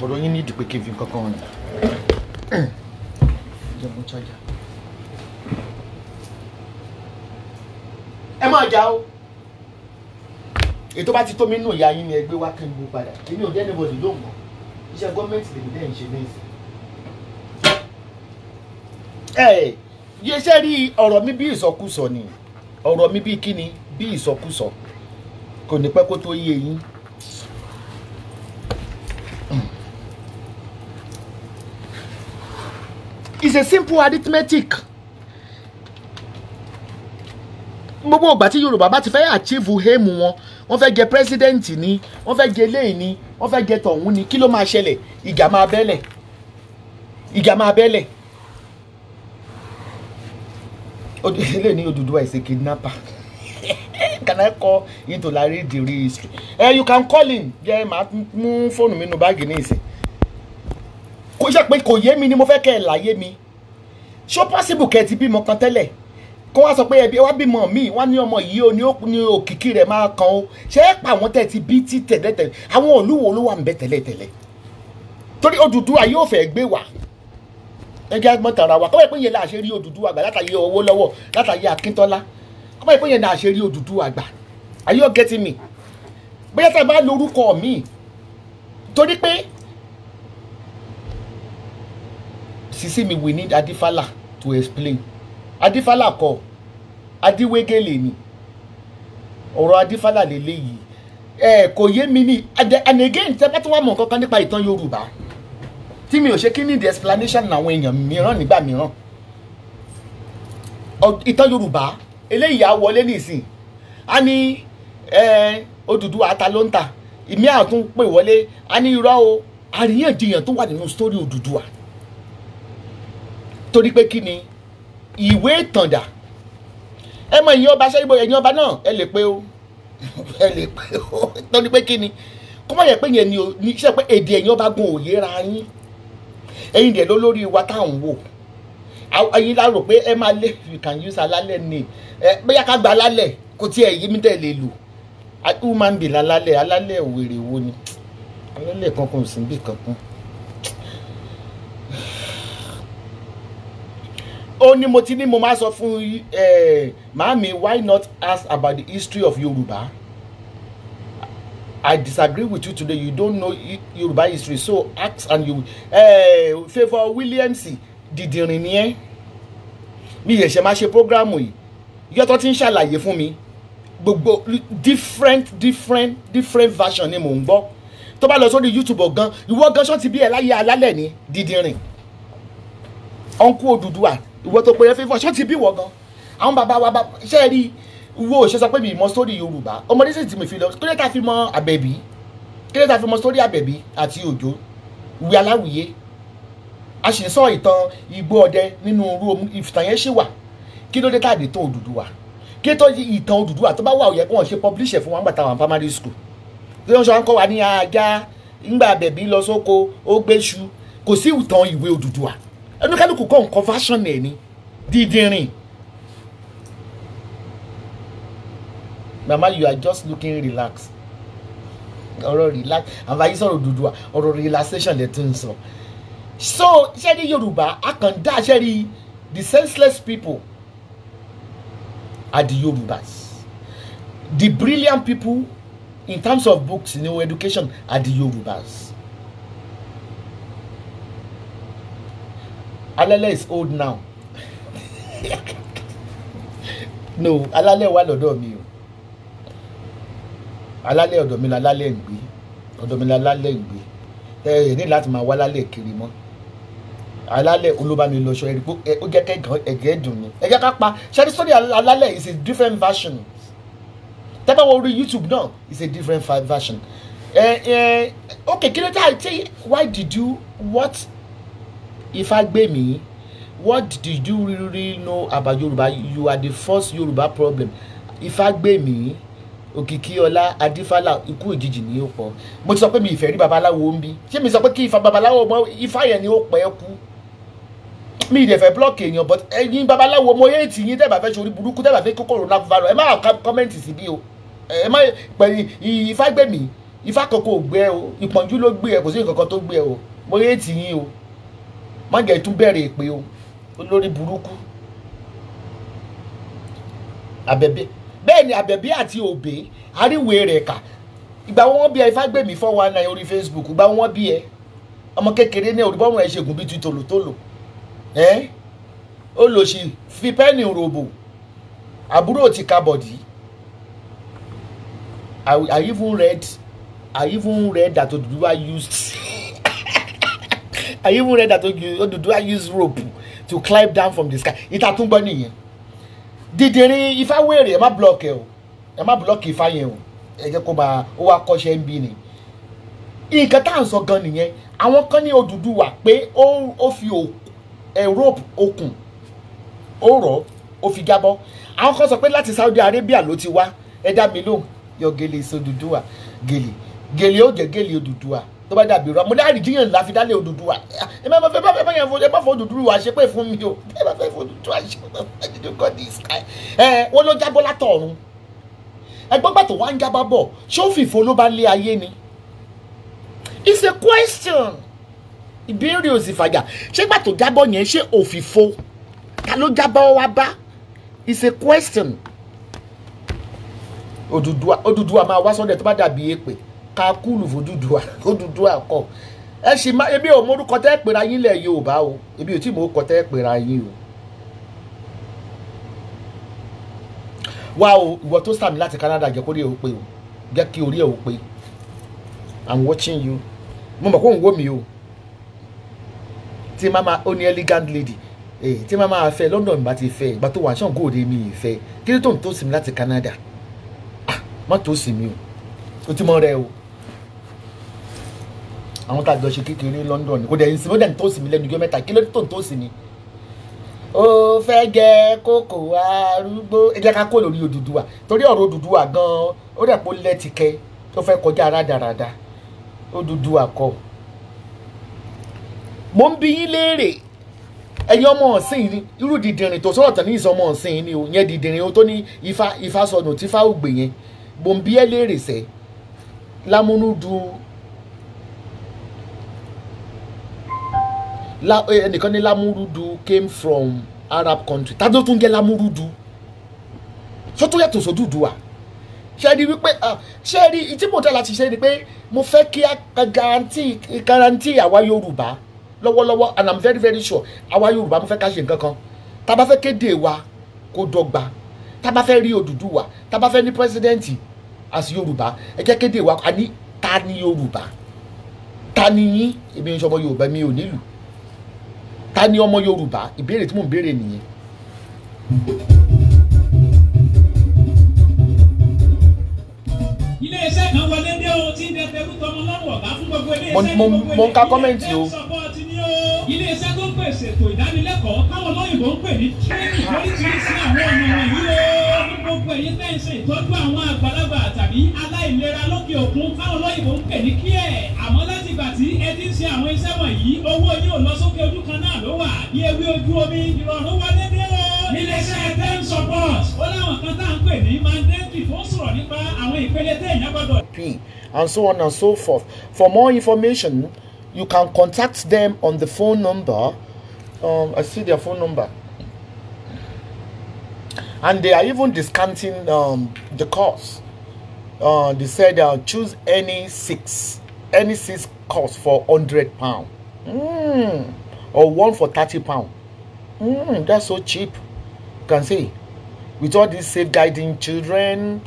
ọ̀rọ̀ yín ní ìdìpé kí n fi kankan rìn ẹ máa jà o ètò bá ti tó mi nù ìyá yín ni ẹgbẹ́ wá kí n gbó padà èmi ò dé anybody ló mọ̀ iṣẹ́ gọ́ọ̀mẹ̀ntì lèmi dẹ́ ń ṣe mẹ́sì. ẹ yẹ ṣe rí ọ̀rọ̀ mi bí ìsọkúsọ ni ọ̀rọ̀ mi bí kíni bí ìsọkúsọ kò ní pẹ́ kó tó yé yín. It's a simple arithmetic gbogbo ìgbà tí Yorùbá bá ti fẹ́ achieve aim wọn wọ́n fẹ́ jẹ president ni wọ́n fẹ́ jẹ léyìn ni wọ́n fẹ́ jẹ tọ̀hún ni kí ló máa ṣẹlẹ̀ ìjà máa bẹ́lẹ̀ ìjà máa bẹ́lẹ̀ eléyìí ni Odùduwà is a kidnapper can I call to larry the real history eh, you can call him jẹ́ màá mú fóònù mi nù báàgì ní ìsìn kó ṣe pé kò yé mi ni mo fẹ́ kẹ́ ẹ̀ láyé mi ṣó possible kẹ́ ẹ ti bímọ kan tẹ́lẹ̀ kó wá sọ pé ẹbí wá bímọ mi wá ní ọmọ yìí o ní ní òkìkí rẹ̀ máa kan o ṣé é pa àwọn tẹ̀ ti bí tí tẹ̀lẹ́tẹ̀lẹ́ àwọn olúwo ló wà nbẹ tẹ́lẹ̀tẹ́lẹ̀ torí Odùduwà yóò fẹ́ gbé wá ẹgbẹ́ agbọ́ntara wa kọ́mọ̀ ìpínyẹ̀ náà ṣe rí Odùduwà gbà látàyè owó lọ́wọ́ látàyè Akíntọ́lá kọ́mọ̀ ìpínyẹ̀ náà ṣe rí Odùduwà gbà are you getting me bóyá tá a bá lórúkọ mi torí pé sísí mi we need Adifala to explain adífálà kọ adíwégélè ni ọ̀rọ̀ adífálà lélẹ́yìí ẹ kò yé mi ní and again tẹ́ bá tún wà mọ̀ kankan nípa ìtàn Yorùbá tí mi ò ṣe kí ní the explanation àwọn èèyàn mìíràn nígbà mìíràn ìtàn Yorùbá eléyìí á wọlé nísìn á ní Odùduwà ata ló ń ta ìmí àtún pè wọlé á ní irọ́ o àríyànjiyàn tó wà nínú sítórì Odùduwà torí pé kí ni ìwé ìtàndà ẹ mọ ìyẹn ọba sẹ́yìnbó ẹ̀yìn ọba náà ẹ lè pé o ẹ lè pé o tọ́ni pé kí ni kó má yẹ pé yẹn ni o ní sẹ́ pé èdè ẹ̀yìn ọba gun òye ra yín ẹ̀yin dẹ̀ ló lórí wa táwọn wò ẹ̀yin la pé ẹ máa lé you can use alálẹ̀ name ẹ bóyá ká gba alálẹ̀ kò tí ẹ̀ yí mi tẹ̀ lè lò woman bill alálẹ̀ alálẹ̀ òwèrè wo ni alálẹ̀ kankan ò sí bí kankan. ó ní mo ti ní mo máa sọ fún màámi why not ask about the history of Yoruba? I disagree with you today you don't know Yoruba history so ask and you uh, favour Williams dìdìrín ni ẹ mi yẹ ṣe máa ṣe programu yìí yọtọ ti ń ṣàlàyé fún mi gbogbo different different different version ni mò ń gbọ́ tó bá lọ sórí YouTube gan ìwọ gan ṣọ́ọ̀tì bí ẹ láyé alálẹ̀ ni dìdìrín Uncle Odùduwà ìwọ tó pe ẹfẹ fún ọṣọ ti bí wọ gan àwọn bàbá wa ṣe é rí wo ṣe sọ pé mi mọ sórí yorùbá ọmọdé sì ti mi fi lọ kílẹ̀ tá a fi mọ àbẹ̀bí kílẹ̀ tá a fi mọ sórí àbẹ̀bí àti òjò ìwé aláwìyé a sì ń sọ ìtàn igbó ọdẹ nínú irú ìfìtàn yẹn ṣì wà kí ló dé tá a dé tán Odùduwà kí tó ìtàn Odùduwà tó bá wà ó yẹ kó wọn ṣe publish ẹ̀ fún wa nígbà táwọn primary school tí wọ́n ṣe wọn kọ́ wa ní ajá ńgbà àbẹ̀bí lọ sóko ó gbéṣu kò sí ìtàn ìwé Odùduwà ẹnukálukú kọ́ nǹkan version ẹ̀ ni dídìrín. mama you are just looking relaxed ọ̀rọ̀ relax àbáyé sọ̀rọ̀ dùdú ọ̀rọ̀ relaxation lè tún sọ. so ṣẹ́ni yorùbá àkàndá ṣẹ́ni the senseless people are the yorùbás the brilliant people in terms of books new education are the yorùbás. alálẹ̀ is old now no alálẹ̀ wa lọ́dọ̀ mi o alálẹ̀ ọ̀dọ̀ mi lálálẹ̀ ń gbé ọ̀dọ̀ mi lálálẹ̀ ń gbé ẹ ẹ ní láti máa wá lálẹ̀ kiri mọ́ alálẹ̀ olóbami lọ́sọ ẹ̀rí pé ó jẹ́ kẹ́gàn ẹ̀gẹ́ dùn ni ẹ̀jẹ̀ ká pa ṣẹ́ni sọ́ni alálẹ̀ is a different version tẹ́pẹ́ wọ orí YouTube náà is a different version ẹ ẹ okay kí ló dé àìtí why did you what Ifagbemi, what did you really know about Yoruba? You are the first Yoruba problem. Ifagbemi, Òkìkíọlá, Adífálà, ikú òjijì ni ó pọ̀. Mo ti sọ pé mi ìfẹ́ rí babaláwo ń bí. Ṣé mi sọ pé kí ifá babaláwo mọ ifá yẹn ni ó pẹ́ kú? Mi ì dẹ̀ fẹ́ blọ́ọ̀kì èèyàn but ẹ̀yin babaláwo mo yéé tì yín tẹ́bà fẹ́ sori burúkú tẹ́bà fẹ́ kókòrò náà fún ẹ má kọ́mẹ́ǹtì sí bí o. Ẹ má pẹ̀lú Ifágbèmí, ifá kankan ò gbé ẹ o, ìpọ́njú ló gbé ẹ kò sí nǹkan kan tó gbé ẹ o, mo yéé tì o má jẹ́ tún bẹ̀rẹ̀ èpè o olórí burúkú àbẹ̀bí bẹ́ẹ̀ ni àbẹ̀bí àti òbí àríwé rẹ̀ kà ìgbà wọn bí ẹ Ifágbèmí four one nine orí Facebook ìgbà wọn bí ẹ ọmọ kékeré ní orí bọ́ọ̀mù ẹ̀ ṣègùn bíi ti tòlótòló ẹ olòṣì fi pẹ́ẹ́nì ròbò àbúrò ti kabọ̀dì I, I even read I even read that Oduduwa used. I even read that do I use rope to climb down from the sky ìtàtúngbọ́ nìyẹn dìdìrín ifá wèrè ẹ má I ẹ o ẹ má blọọkì ifá yẹn o ẹ jẹ́ kó máa ó wá kọ́ṣẹ́ ń bí ni nǹkan tá à ń sọ gan nìyẹn àwọn kan ní Odùduwà pé ó fi rope okùn ó rọ̀ ó fi jábọ́ àwọn kan sọ pé láti Saudi Arabia ló ti wá ẹ dá mi lóhùn yọ gèlè sí Odùduwà gèlè gèlè ó jẹ́ gèlè Odùduwà tó bá dàbí rọ mo dá àríjìyàn ńlá fi dálé Odùduwà ẹ má fẹ́ bá fẹ́ bá yẹn fọ ẹ má fọ Odùduwà ṣe pé fún mi o ẹ má fẹ́ fọ Odùduwà ṣe pé fún mi o God is kind ẹ wọn ló jábọ́ látọ̀run ẹgbọ́n bàtọ̀ wá ń jábá bọ̀ ṣé ó fìfo ló bá lé ayé ni it's a question ìbéèrè òsì fàjà ṣé gbà tó jábọ́ yẹn ṣé òfìfo ta ló jábọ́ wá bá it's a question Odùduwà Odùduwà máa wá sọ́dẹ̀ tó bá dàbí èpè ká kúlù fòdùdùà fòdùdùà kọ ẹ ebi ò morúkọ tẹ́ pera yín lẹ̀ Yorùbá o ebi ò tí mo kọ tẹ́ yín o. wá o ìwọ tó sàmì láti Canada jẹ́ kórè ò pé o jẹ́ kí orí ẹ̀ ò pé i'm watching you mo mọ̀ kó ń wò mí o tí mama ó ní elegant lady èyí eh, tí mama fẹ́ London bá ti fẹ́ ìgbà tó wà ṣàn góòdè mi ì fẹ́ kí ló tó ń tó sinmi láti Canada ah má tó sinmi o o ti mọ rẹ o àwọn tá a jọ ṣe kékeré London ni kò dẹ̀ ìsinmi ó dẹ̀ ń tó sinmi lẹ́nu ijọ́ mẹ́ta kí ló tó ń tó sinmi. ó fẹ́ jẹ kókò arúgbó ẹ jẹ́ ká kó lórí Odùduwà torí ọ̀rọ̀ Odùduwà gan-an ó dẹ̀ kó lẹ́tìkẹ́ tó fẹ́ kọjá rádaràda Odùduwà kọ. mo ń bi yín léèrè ẹ̀yin ọmọ ọ̀sìn irú dìdìrín tó sọ̀rọ̀ tán ní ìsọmọ ọ̀sìn ni o yẹn dìdìrín tó ní ifá ifá sọnù tífá ògbè yẹn mo ń bi ẹ́ léèrè sẹ́ lámúnúdùn Eh, ẹnìkan ní lámúrúdu came from Arab country tá ló tún jẹ́ lámúrúdu ṣó tún yàtọ̀ sódùdùwà ṣe rí wípé ṣe rí tí mo tẹ́ láti ṣe ni pé mo fẹ́ kí a guarantee guarantee àwa Yorùbá lọ́wọ́lọ́wọ́ and i'm very very sure àwa Yorùbá mo fẹ́ ká ṣe nǹkan kan tá a bá fẹ́ kéde wa kó dọ́gba tá a bá fẹ́ rí Odùduwà tá a bá fẹ́ ní pírẹsidẹ́ǹtì as Yorùbá ẹ jẹ́ kéde wa àní ta ni Yorùbá ta ni yín èmi ìṣọmọ Yorùbá mi ò nílùú ta ni ọmọ Yorùbá ìbéèrè tí mò ń béèrè nìyẹn. ilé iṣẹ́ kan wọlé dé o tí ń dẹ pẹ̀lú tọmọ lọ́wọ́ ọ̀gá fún gbogbo ilé iṣẹ́ gbogbo ilé iṣẹ́ mo iléeṣẹ́ tó ń pèsè ètò ìdánilẹ́kọ̀ọ́ káwọn lóyìnbó ń pè ní training lóríṣiríṣi àwọn ọ̀nà wọ̀nyí o ní gbogbo ẹ̀yin tẹ́ ṣe ìtọ́jú àwọn àgbàlagbà tàbí aláìlera lókè òkun káwọn lóyìnbó ń pè ní care àmọ́ láti ìgbà tí ẹ ti ń ṣe àwọn iṣẹ́ wọ̀nyí owó yín ò lọ sókè ojú kan náà ló wà bí ewé ojú omi ìrọ̀rùn wá dédé o iléeṣẹ́ ten support ó láwọn kan tá à ń pè ní mandate tó sọ̀rọ̀ nípa àwọn ìpele tẹ́ ìyá gbọ́dọ̀. and so on and so forth for more information you can contact them on the phone number. Um, I see their phone number. And they are even discounting um, the course. Uh, they said uh, choose any six, any six course for hundred pound, mm. or one for thirty pound. Mm, that's so cheap. You can see, with all these safeguarding children,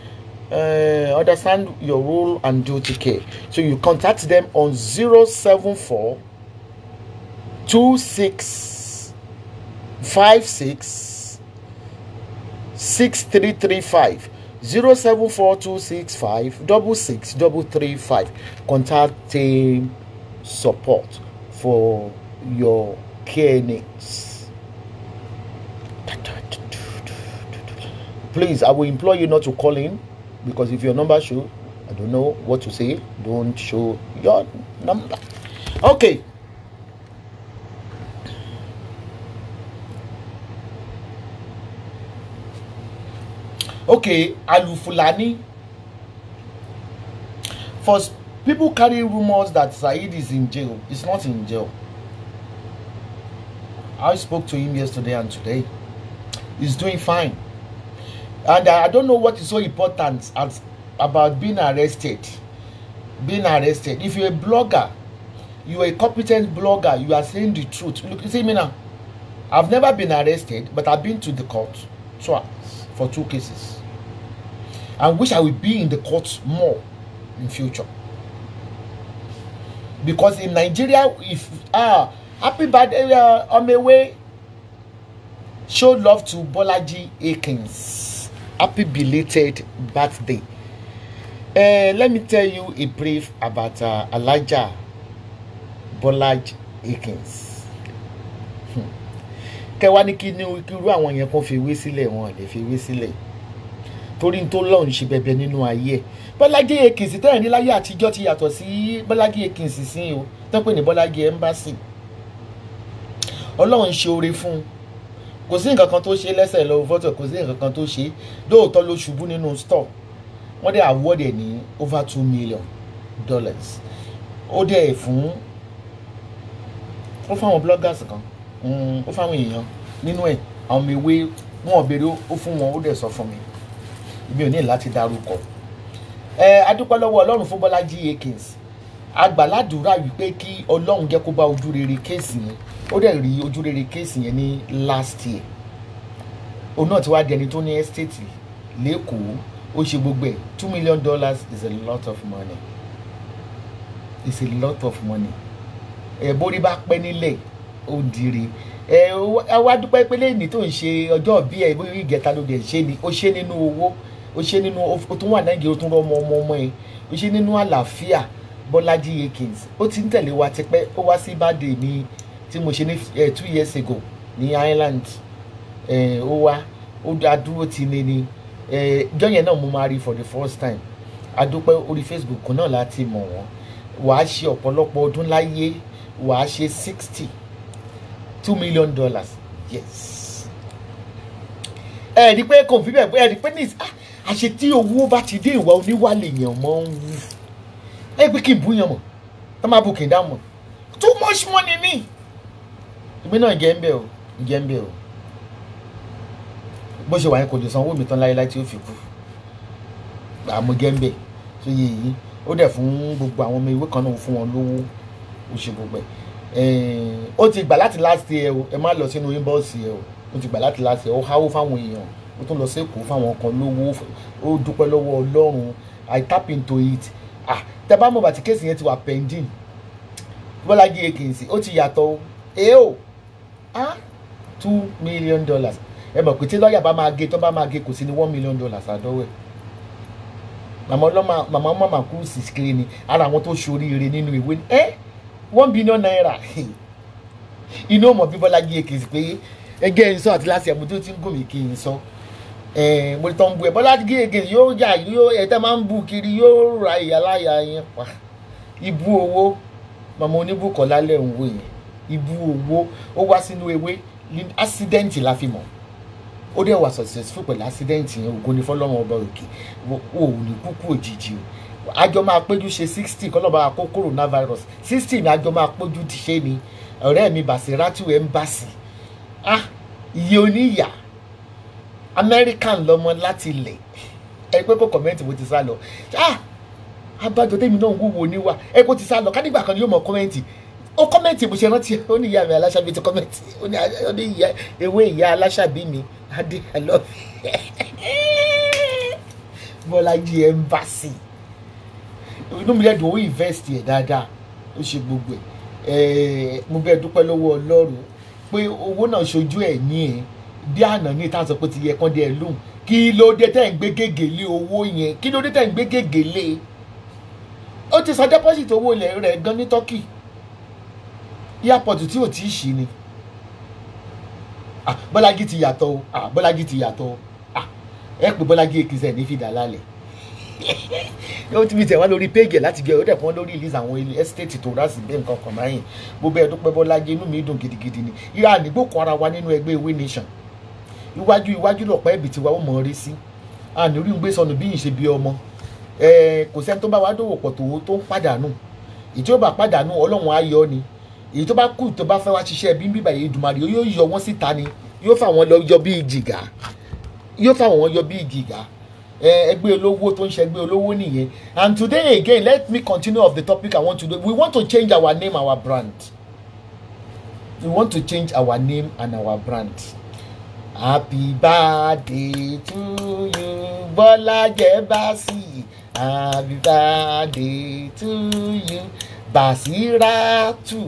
uh, understand your role and duty care. So you contact them on 074 26 56 6335. 07426566335 contact um, support for your care needs please i will implore you not to call in because if your number show i don't know what to say don't show your number okay okay alufulani for people carry rumors that saeed is in jail he's not in jail i spoke to him yesterday and today he's doing fine and I, I don't know what is so important as about being arrested being arrested if you're a blogger you're a competent blogger you are saying the truth look you see me now I've never been arrested but I've been to the court twice for two cases I wish I would be in the court more in future because in Nigeria if ah happy birthday uh, Omewe show love to Bolaji Akins happy belated birthday. Uh, let me tell you a brief about uh, Elijah Bolaj Akins. Hmm. kẹwàá ní kí ni irú àwọn yẹn kan fi wé sílẹ̀ wọn lè fi wé sílẹ̀ torí n tó lọ́run ṣe bẹ̀bẹ̀ nínú ayé ẹ̀ Bọ́lájí Akins tẹ́lẹ̀ ní láyé àtijọ́ ti yàtọ̀ sí Bọ́lájí Akins sí o tán pé ní Bọ́lájí Embassy ọlọ́run ṣe oore fún un kò sí nǹkan kan tó ṣe lẹ́sẹ̀ lọ vọ́tò kò sí nǹkan kan tó ṣe lóòótọ́ ló ṣubú nínú store wọ́n dẹ̀ award ní over two million dollars ó dẹ̀ fún ó fáwọn bloggers kan mm, ó fáwọn èèyàn nínú ẹ̀ àwọn ọmọ ìwé wọn béèrè ó fún wọn ó dẹ̀ sọ fún mi mi ò ní láti dárúkọ ẹ adúpẹ́ lọ́wọ́ ọlọ́run fún Bọ́lájí Akins agbàládùúrà wípé kí ọlọ́run jẹ́ kó bá ojú rere kéèsì yẹn ó dẹ̀ rí ojúrere kéèsì yẹn ní last year òun náà ti wá di ẹni tó ní estate lẹ́kọ̀ọ́ ó ṣe gbogbo ẹ̀ two million dollars is a lot of money is a lot of money ẹ̀ bórí bá pẹ́ nílẹ̀ ó dire ẹ wá dúpẹ́ pé lẹ́yìn tó ń ṣe ọjọ́ bí ẹ bóyá ìgẹ̀ta ló dẹ̀ ṣe ni ó ṣe nínú owó ó ṣe nínú ó tún wà Nàìjíríà ó tún rọ ọmọ ọmọ ọmọ ẹ ó ṣe nínú àlàáfíà Bọ́lájí Akins ó ti ń tẹ̀lé wa tipẹ́ ó wá sí bàdé mi tí mo ṣe ní two years ago ní Ireland ó wá ó dúró ti ni ni ìjọ yẹn náà mo máa rí for the first time adúpẹ́ orí Facebook kan náà láti mọ̀ wọ́n wàá ṣe ọ̀pọ̀lọpọ̀ ọdún láyé wàá ṣe sixty two million dollars yes. ẹ ẹ rí pé kò fi bẹ́ẹ̀ bóyá rí pé ní ah, àṣẹ tí owó bá ti dé ìwà oníwàlẹ̀ yẹn mọ́ ń wù ẹ pé kí n bú yẹn mọ̀ ẹ má bù kí n dá mọ̀ too much money ni èmi náà jẹ́ ń bẹ̀ o jẹ́ ń bẹ̀ o bó ṣe wà yẹn kò lè sanwó mi tán láéláé tí ó fi kú àmọ́ jẹ́ ń bẹ̀ tó yẹ yìí ó dẹ̀ fún gbogbo àwọn ọmọ ìwé kan náà fún wọn lówó ó ṣe gbogbo ẹ̀ ó ti gbà láti last year o ẹ má lọ sínú inbox yẹ o ó ti gbà láti last year ó háwó fáwọn èèyàn ó tún lọ sẹ́kọ̀ọ́ fáwọn kan lówó ó dúpẹ́ lọ́wọ́ ọlọ́run i tap into it ah tẹ bá mọ̀ bàtí kéèsì yẹn ti wà pending bọ́lá jí ekìnsì ó ti yàtọ̀ o èé o two million dollars ẹ mọ̀ pé tí lọ́ọ̀yà bá máa ge tó bá máa ge kò sí ní one million dollars àdọ́wọ́ ẹ̀ màmá ọlọ́mà màmá màmá kú sísìkiri ni ara àwọn tó ṣoríire nínú ìwé ẹ one billion naira inú ọmọ bí Bọ́lájí Èkìtì pé ẹgẹ́ ń sọ àti láti ẹ̀mú tó ti ń gùn mí kí n sọ mo tọ́ ń bu ẹ̀ Bọ́lájí Èkìtì yóò yà yóò ẹ̀tẹ́ máa ń bu kiri yóò ra ìyá láyà yẹn pa ibú owó màmá oníbùkọ̀ lálẹ́ òun wò yẹn ibu owó ó wá sínú ewé ní ásídẹ́ǹtì la fi mọ̀ ó dẹ̀ wà successful pẹ̀lú ásídẹ́ǹtì yẹn ògo ni fọlọ́mọ ọba òkè ò ní kúkú òjijì o àjọ máa péjú ṣe sixty kọ́lọ́ba kó coronavirus sixty ni àjọ máa péjú ti ṣe ni ọ̀rẹ́ mi Basiratu embassy ah iye oníyà American lọmọ láti ilẹ̀ ẹ pé kó kọ̀mẹ́ntì mo ti sá lọ ah abájọ tèmi náà ń wúwo níwà ẹ kó ti sá lọ kánígbà kan ni yóò mọ kọ́mẹ́ntì ó kọ́mẹ̀ntì bó ṣe rántí ó ní ìyá mi aláṣàbí ti kọ́mẹ̀ntì ó ní ìyá ewé ìyá aláṣàbí mi adé i love you bọ́lájí embassy inú mi lẹ́dùn ó invest yẹ dáadáa ó ṣe gbogbo ẹ̀ mo bẹ́ẹ̀ dúpẹ́ lọ́wọ́ ọlọ́run pé owó náà ṣojú ẹ̀ ní ẹ̀ bí àná ní ìta sọ pé ti yẹ kán dé ẹ lóhùn kí ló dé tẹ̀ ń gbé gègé lé owó yẹn kí ló dé tẹ̀ ń gbé gègé lé ó ti san deposit owó ilẹ̀ rẹ̀ gan ní Turkey airport tí ò tí ì ṣí ni ah, bọ́lájí ti yàtọ̀ o ah, bọ́lájí ti yàtọ̀ o ah, ẹ pé bọ́lájí ekizẹ̀ ní fìdá lálẹ́ ó ti fi tẹ̀ wá lórí péjì láti gẹ̀ ó dẹ̀ fún lórí ìlísà àwọn ilé ẹ́sítéètì tó rásì bẹ́ẹ̀ nǹkan kan báyìí mo bẹ́ẹ̀ dúpẹ́ bọ́lájí inú mi dùn gidigidi ni ìyá àdìgbò kan ara wa nínú ẹgbẹ́ ìwé nation iwájú iwájú lọ̀pọ̀ ẹ̀bì tiwa ó mọ̀ ọ́ rí sí àní orí ń gbé sọnù bí ìṣe bí ọmọ kò sẹ́ni tó bá wá dòwò pọ̀ tó ń pàdánù ìjọba pàdánù ọlọ́run á yọ ni èyí tó bá kù tó bá fẹ́ wá ṣiṣẹ́ bí bíbà yìí dùmarì yóò yọ wọ́n síta ni yóò fà wọ́n lọ yọ bí jìgà yóò fà wọ́n yọ bí jìgà ẹgbẹ́ olówó tó ń ṣẹgbẹ́ olówó nìyẹn and today again let me continue of the topic I want to do we want to change our name our brand we want to change our name and our brand happy birthday to you Bọ́lá jẹ́ happy birthday to you Basiratu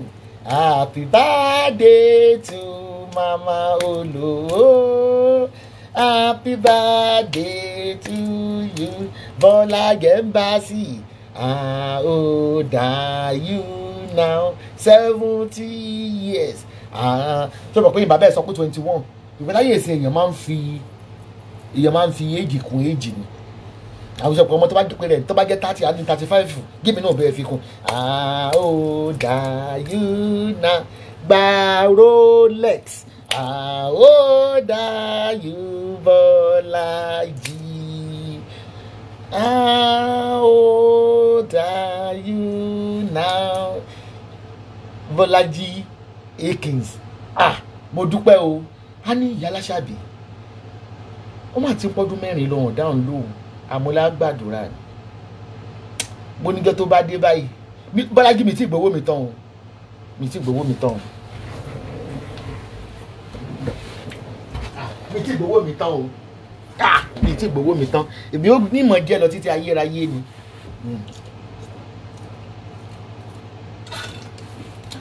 happy birthday to mama olówó happy birthday to you Bọ́lá Gẹ̀mbàsì how old are you now seventy years Ah, o mọ̀ pé ìbá bẹ́ẹ̀ sọ pé twenty one ìgbẹ́láyè èsì èèyàn máa ń fi èèyàn máa ń fi éèjì kún éèjì ni àwọn ìṣòkò ọmọ tó bá dúpẹ́ rẹ̀ tó bá jẹ́ thirty àti thirty five gímì náà bẹ̀rẹ̀ fi kún. àódàyúnà ah, gba rolex àódàyúbọ̀lájì ah, àódàyúnà bọ́lájì ah, akins ah mo dúpẹ́ o a ní ìyá aláṣàbí wọ́n máa ti pọ́dún mẹ́rin lọ́wọ́n dáhùn lóhùn àmúlá gbàdúrà ni mo níjọ́ tó bá dé báyìí bọ́lájí mi ti gbowó mi tán o mi ti gbowó mi tán o mi ti gbowó mi tán o mi ti gbowó mi tán èmi ò ní ìmọ̀ díẹ̀ lọ títí ayérayé ni. Hmm.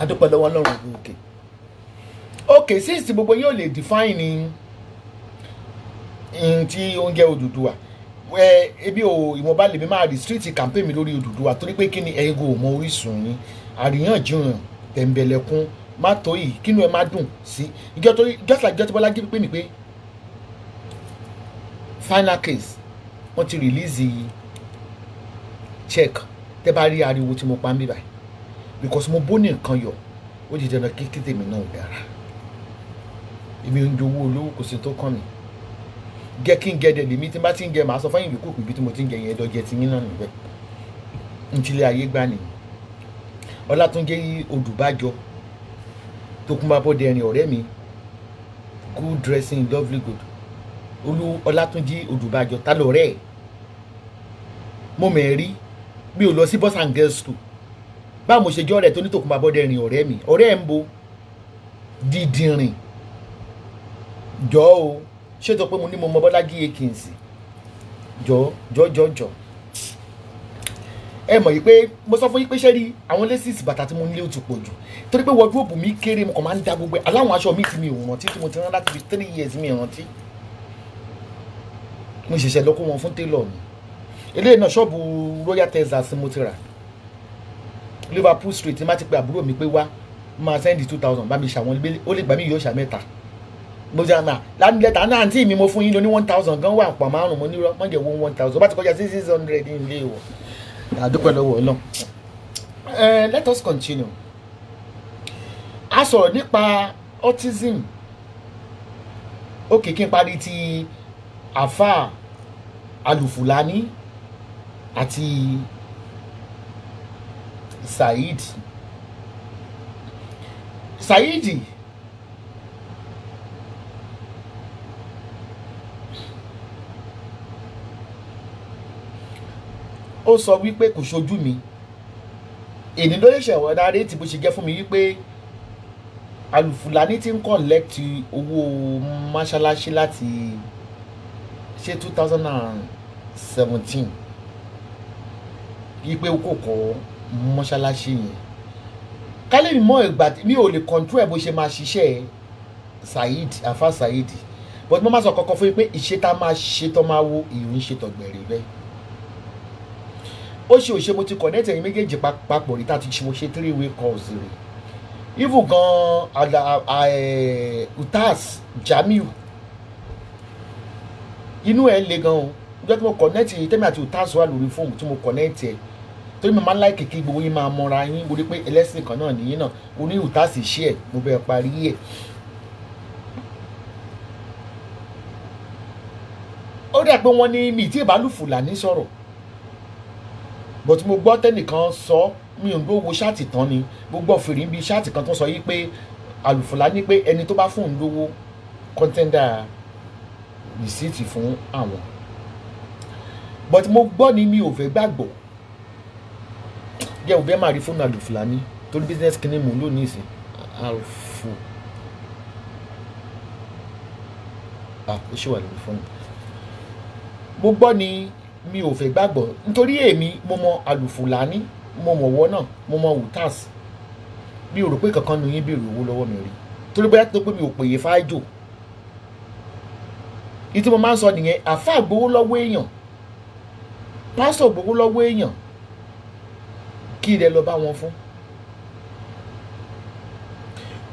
adúpẹ́ lọ́wọ́ ọlọ́run òkè. Okay okay since gbogbo yóò lè define ní tí oúnjẹ Odùduwà ẹ ebi o ìwọ̀nba lèmi máa restrict campaign mi lórí Odùduwà torí pé kí ni ẹ̀yin kò mọ orísun yín àríyànjiyàn tẹ̀m̀bẹ̀lẹ̀kun má tó yìí kínú ẹ má dùn sí ìjọ torí just like jọ́tí Bọ́lá Jíbí pé ní pé final case wọ́n ti release check tẹ́ bá rí ariwo tí mo pa ń bí báyìí because mo bó ní nǹkan yọ ó di dandan kí tètè mi náà dára èmi ń jowó olówó kò sí tó kàn mí jẹ́ kí n gẹ dẹ̀ lèmi tí n bá ti ń gẹ màá sọ fáyìn yòókù píbi tí mo ti ń gẹ yẹn dọ́jẹ́ ti yín náà níbẹ̀ ntílé ayé gbà ní ọlátúnjẹ yìí odùbájọ tokunbabọdẹ ẹrin ọ̀rẹ́ mi good dressing lovely good olú ọlátúnjẹ odùbájọ ta lọ̀rẹ́ ẹ̀ mo mẹ̀rí mi ò lọ sí boys and girls school báwo mo ṣe jẹ́ ọ̀rẹ́ tó ní tokunbabọdẹ ẹrin ọ̀rẹ́ mi ọ̀rẹ́ ẹ̀ ń bo dídìrín jọ́ o ṣé tó pé mo ní mo mọ Bọ́lájí Akins jọ jọ jọ jọ ẹ mọ̀ yìí pé mo sọ fún yín pé ṣé rí àwọn lẹ́sìsì bàtà tí mo nílé ó ti pọ̀ jù torí pé wọ́dúróòbù mi kéré mo kàn máa ń da gbogbo aláwọn aṣọ mi ti mi ò rántí tí mo ti rán láti fi three years mi rántí mo ṣẹ̀ṣẹ̀ lọ kó wọn fún télọ̀ mi eléyìí náà ṣọ́ọ̀bù royal texas mo ti rà liverpool street má ti pe àbúrò mi pé wá máa sẹ́ndì two thousand bá mi ṣàwọn ó lè gbà mí yóò ṣàmẹ́ta gbọ́dọ̀mà lánilẹ́ta náà àǹtí mi mo fún yín lóní one thousand gan wà pọ̀ márùn mo nírọ̀ mọ́jẹ̀ wo one thousand bá ti kọjá sí six hundred ní ilé ìwọ̀ àdúpẹ́ lọ́wọ́ náà. let us continue a sọ̀rọ̀ nípa autism ókè kí n parí ti afa alufulani àti saheed saheed. ó sọ wípé kò ṣojú mi èdè ló ṣe ọ̀dà rétí bó ṣe jẹ́ fún mi wípé alùfúlàní ti ń kọ̀lẹ́kìtì owó mọ́ṣáláṣí láti ṣe two thousand and seventeen wípé ó kò kọ́ mọ́ṣáláṣí yẹn kálí mi mọ ìgbà mi ò lè control ẹ̀ bó ṣe máa ṣiṣẹ́ Saheed Alfa Saheed but mo máa sọ kọ́kọ́ fún yín pé ìṣe tá a máa ṣe tó máa wo ìrìn ṣe tọ̀gbẹ̀rẹ̀ bẹ́ẹ̀ ó ṣe òṣè mo ti connect ẹ̀yin méjèèjì papọ̀ rí tá a ti ṣe mo ṣe three way calls rè even gan eh, utas Jamiu inú ẹ̀ le gan o ìjọ tí mo connect tẹ́mi àti utas wà lórí fóònù tí mo connect ẹ̀ torí mo máa ń láìkè kí gbogbo yín máa mọra yín mo rí pé ẹlẹ́sìn kan náà nìyí náà oní utas ṣí ẹ̀ mo bẹ̀ parí ẹ̀. ó dà pé wọ́n ní mi tí ìbálò Fùlàní sọ̀rọ̀ but mo gbọ́ tẹ́nìkan sọ mi ò ń lówó ṣáàtì tán ni mo gbọ́ fèrè níbi ṣáàtì kan tó sọ yìí pé àlùfọ̀lá ní pé ẹni tó bá fóun lówó kọ́ńtẹ́ndà rìsíìtì fún àwọn but mo gbọ́ ni mi ò fẹ́ gbàgbọ́ jẹ́ òbẹ́ máa rí fóònù àlùfọ̀lá ní torí business kìíní mò ń lò ní àlùfọ̀ ah ó ṣe lórí fóònù mo gbọ́ ni mi ò fẹ́ gbàgbọ́ nítorí èmi mo mọ àlùfùlání mo mọ̀ wọ́ náà mo mọ wùtàs mi ò rò pé kankan nu yín béèrè owó lọ́wọ́ mi rí torí bóyá tó pé mi ò pèyè fáájò ìtí mo máa ń sọ nìyẹn àfáà gbowó lọ́wọ́ èèyàn pásítọ̀ gbowó lọ́wọ́ èèyàn kí ilẹ̀ lọ bá wọn fún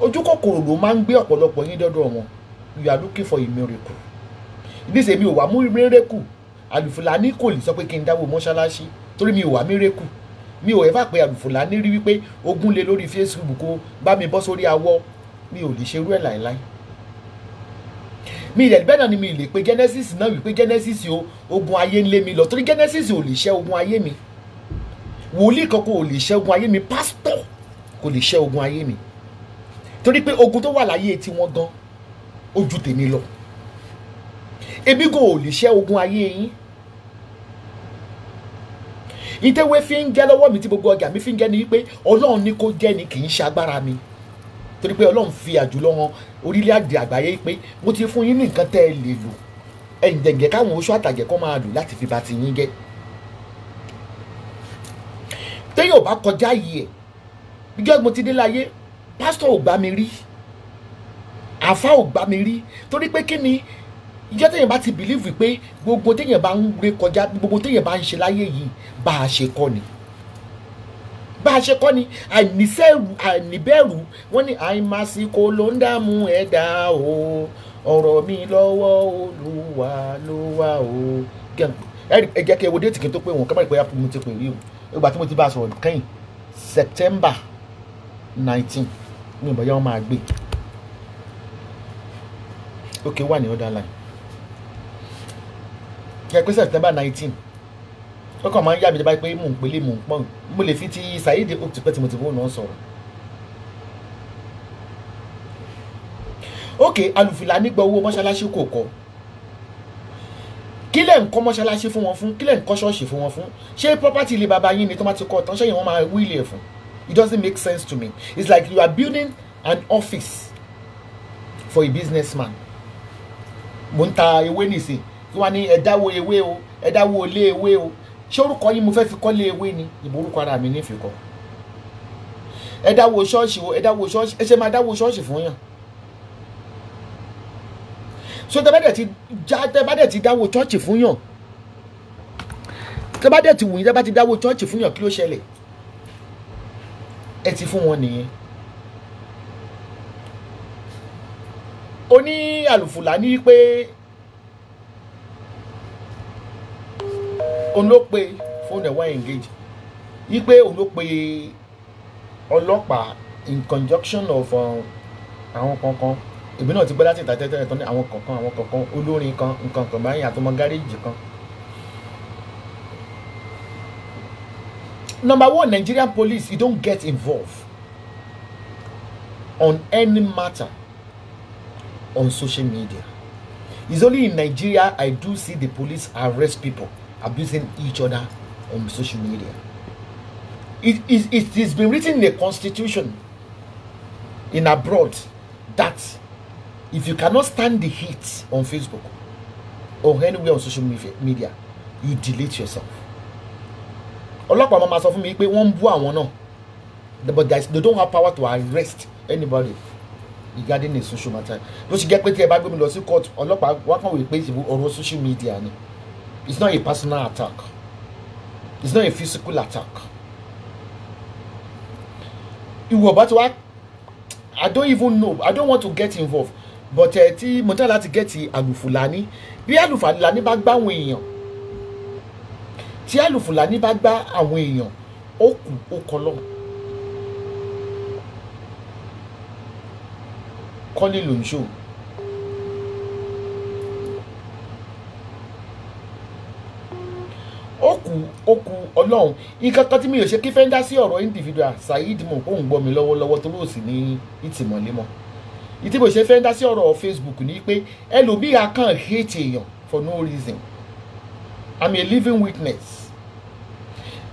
ojú kòkòrò ló máa ń gbé ọ̀pọ̀lọpọ̀ yín dọ́dọ̀ wọn you are looking for a miracle ìdí ìsèmi ò wá mú miracle àlùfùlàní kò lè sọ pé kí n dáwó mọ́ṣáláṣí torí mi ò wá mírèkù mi ò ẹ̀ bá pé àlùfùlàní rí wípé ogún lé lórí Facebook kó bá mi bọ́ sórí awọ mi ò lè ṣerú ẹ̀ láìláì mi ìrẹ̀lẹ̀ bẹ́ẹ̀ náà ni mi lè pe Genesis náà wípé Genesis o ogun ayé ń lé mi lọ torí Genesis ò lè ṣẹ́ ogun ayé mi wòlíì kan kò lè ṣẹ́ ogun ayé mi pásítọ̀ kò lè ṣẹ́ ogun ayé mi torí pé ogun tó wà láyé tiwọn gan ojú tèmi lọ ebi kò lè ṣẹ́ ogun ayé yín ìtẹ̀wé fi ń jẹ́ lọ́wọ́ mi tí gbogbo ọjà mi fi ń jẹ́ ni wípé ọlọ́run ní kó jẹ́ ni kì í ṣe agbára mi torí pé ọlọ́run fi àjùlọ wọn orílẹ̀-èdè àgbáyé pé mo ti fún yín ní nǹkan tẹ́ ẹ lè lò ẹ̀yìn káwọn oṣù àtàjẹ̀ kọ́ máa lò láti fi ba ti yín jẹ́ téèyàn ò bá kọjá yìí ẹ̀ gbígbẹ́ mo ti dé láyé pásítọ̀ ò gbá mi rí àfá ò gbá mi rí torí pé kí ni ìjọ téèyàn bá ti bìlíìfù pé gbogbo téèyàn bá ń gbé kọjá gbogbo téèyàn bá ń ṣe láyé yìí bá a ṣe kọ́ ni bá a ṣe kọ́ ni àìníṣẹ́rù àìníbẹ̀rù wọ́n ní àìmásíkò ló ń dààmú ẹ̀dá o ọ̀rọ̀ mi lọ́wọ́ Olúwa ló o. ẹ jẹ́ kí ẹ wo déètì kí n tó pé wọn kábàárì pé a mo ti pè rí o ìgbà tí mo ti bá a sọ̀rọ̀ kẹ́yìn September nineteen mi ò bá yá wọn máa gbé. okay one ní ọ̀dà line kẹ pé september nineteen ó kàn máa ń yà mí dábàá pé mò ń pélé mò ń pọ́n mo lè fi ti saheed hope tipẹ́ tí mo ti fóònù náà sọ̀rọ̀. ok alùfìlà nígbà owó mọ́ṣáláṣí kò kọ́ kí lẹ̀ ń kọ́ mọ́ṣáláṣí fún wọn fún kí lẹ̀ ń kọ́ ṣọ́ọ̀ṣì fún wọn fún ṣé property ilé baba yín ni tó máa ti kọ́ tán ṣẹ́yìn wọn máa wíìlì ẹ̀ fún it doesn't make sense to me it's like you are building an office for a businessman mo ń ta ewé nìsín kí wọ́n á ewé o ẹ̀dáwó ilé ewé o ṣé orúkọ yìí mo fẹ́ fi kọ́lé ewé ni ìbò orúkọ ara mi nífi kọ́ ẹ̀dáwó ṣọ́ọ̀ṣì o ẹ̀dáwó ṣọ́ọ̀ṣì ẹ ṣe máa dáwó ṣọ́ọ̀ṣì fún yàn so tẹ bá dẹ̀ ti já tẹ bá dẹ̀ ti dáwó ṣọ́ọ̀ṣì fún yàn tẹ bá dẹ̀ ti wù yín tẹ bá ti dáwó ṣọ́ọ̀ṣì fún yàn kí ló ṣẹlẹ̀ ẹ ti fún wọn nìyẹn oní àlùfùlà ní pé òun ló pe fóònù ẹ̀ wá engage yí pé òun ló pe ọlọ́pàá in conjunction of um, àwọn kankan èmi náà ti gbọ́ láti ìta tẹ́tẹ́rẹ́ tán ní àwọn kankan àwọn kankan olórin kan nǹkan kan báyìí àtọmọ gáréèjì kan. number one Nigerian police you don't get involved on any matter on social media it's only in Nigeria I do see the police arrest people abusing each other on social media. It, it, it, has been written in the constitution in abroad that if you cannot stand the heat on Facebook or anywhere on social media, you delete yourself. ọlọ́pàá máa ma sọ fún mi pé wọ́n ń bú àwọn náà but they don't have power to arrest anybody regarding the social matter ló ṣe jẹ́ pé tí ẹ bá gbé mi lọ sí court ọlọ́pàá wá kàn wí pé ọ̀rọ̀ social media ni. It's not a personal attack. It's not a physical attack. Ìwọ about ti wá I don't even know I don't want to get involved but ẹ eh, ti mo tẹ́ láti gẹ̀ẹ́tì àlùfùlání bí àlùfùlání bá gbá àwọn èèyàn tí àlùfùlání bá gbá àwọn èèyàn ó kù ó kọlọ́ kọ́lé lòún ṣòwò. okun okun ọlọ́run nǹkan tí mi ò ṣe kí fẹ́ dá sí ọ̀rọ̀ individual Saheed mo kó ń gbọ́ mi lọ́wọ́lọ́wọ́ tó lóòsì ní ìtìmọ̀lémọ̀ ìtí mo ṣe fẹ́ dá sí ọ̀rọ̀ Facebook ni pé ẹlòmíà kàn hate èèyàn for no reason I'm a living witness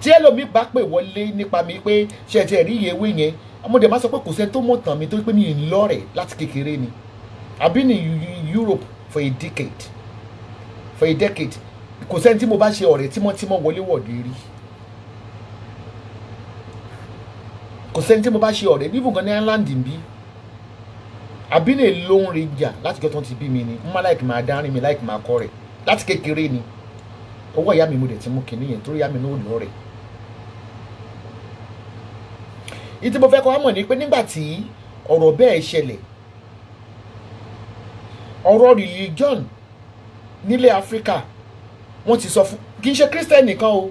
tí ẹlòmíì bá pè wọlé nípa mi pé ṣe ẹ̀ tí ẹ̀ rí iye ewé yẹn mo dẹ̀ máa sọ pé kò sẹ́ni tó mọ̀ tàn mi tó pé mi ì lọ́rẹ̀ láti kékeré ni I've been in Europe for a decade for a decade kò sẹ́ni tí mo bá ṣe ọ̀rẹ́ tímọ́tímọ́ wọlé wọ̀de rí kò sẹ́ni tí mo bá ṣe ọ̀rẹ́ níbùn kan ní Ireland bí àbí lè lóhùn rẹ̀ jà láti kẹ́tọ́ ti bí mi ni mo máa láìkì máa dárin mi láìkì máa kọ́ rẹ̀ láti kékeré ni ọwọ́ ìyá mi mo dẹ̀ ti mú kinní yẹn torí ìyá mi náà lọ rẹ̀. ìtí mo fẹ́ kọ́ àmọ̀ ni pé nígbà tí ọ̀rọ̀ bẹ́ẹ̀ ṣẹlẹ̀ ọ̀rọ̀ religion nílẹ̀ Áfíríkà wọ́n ti sọ fún kì í ṣe Christian nìkan o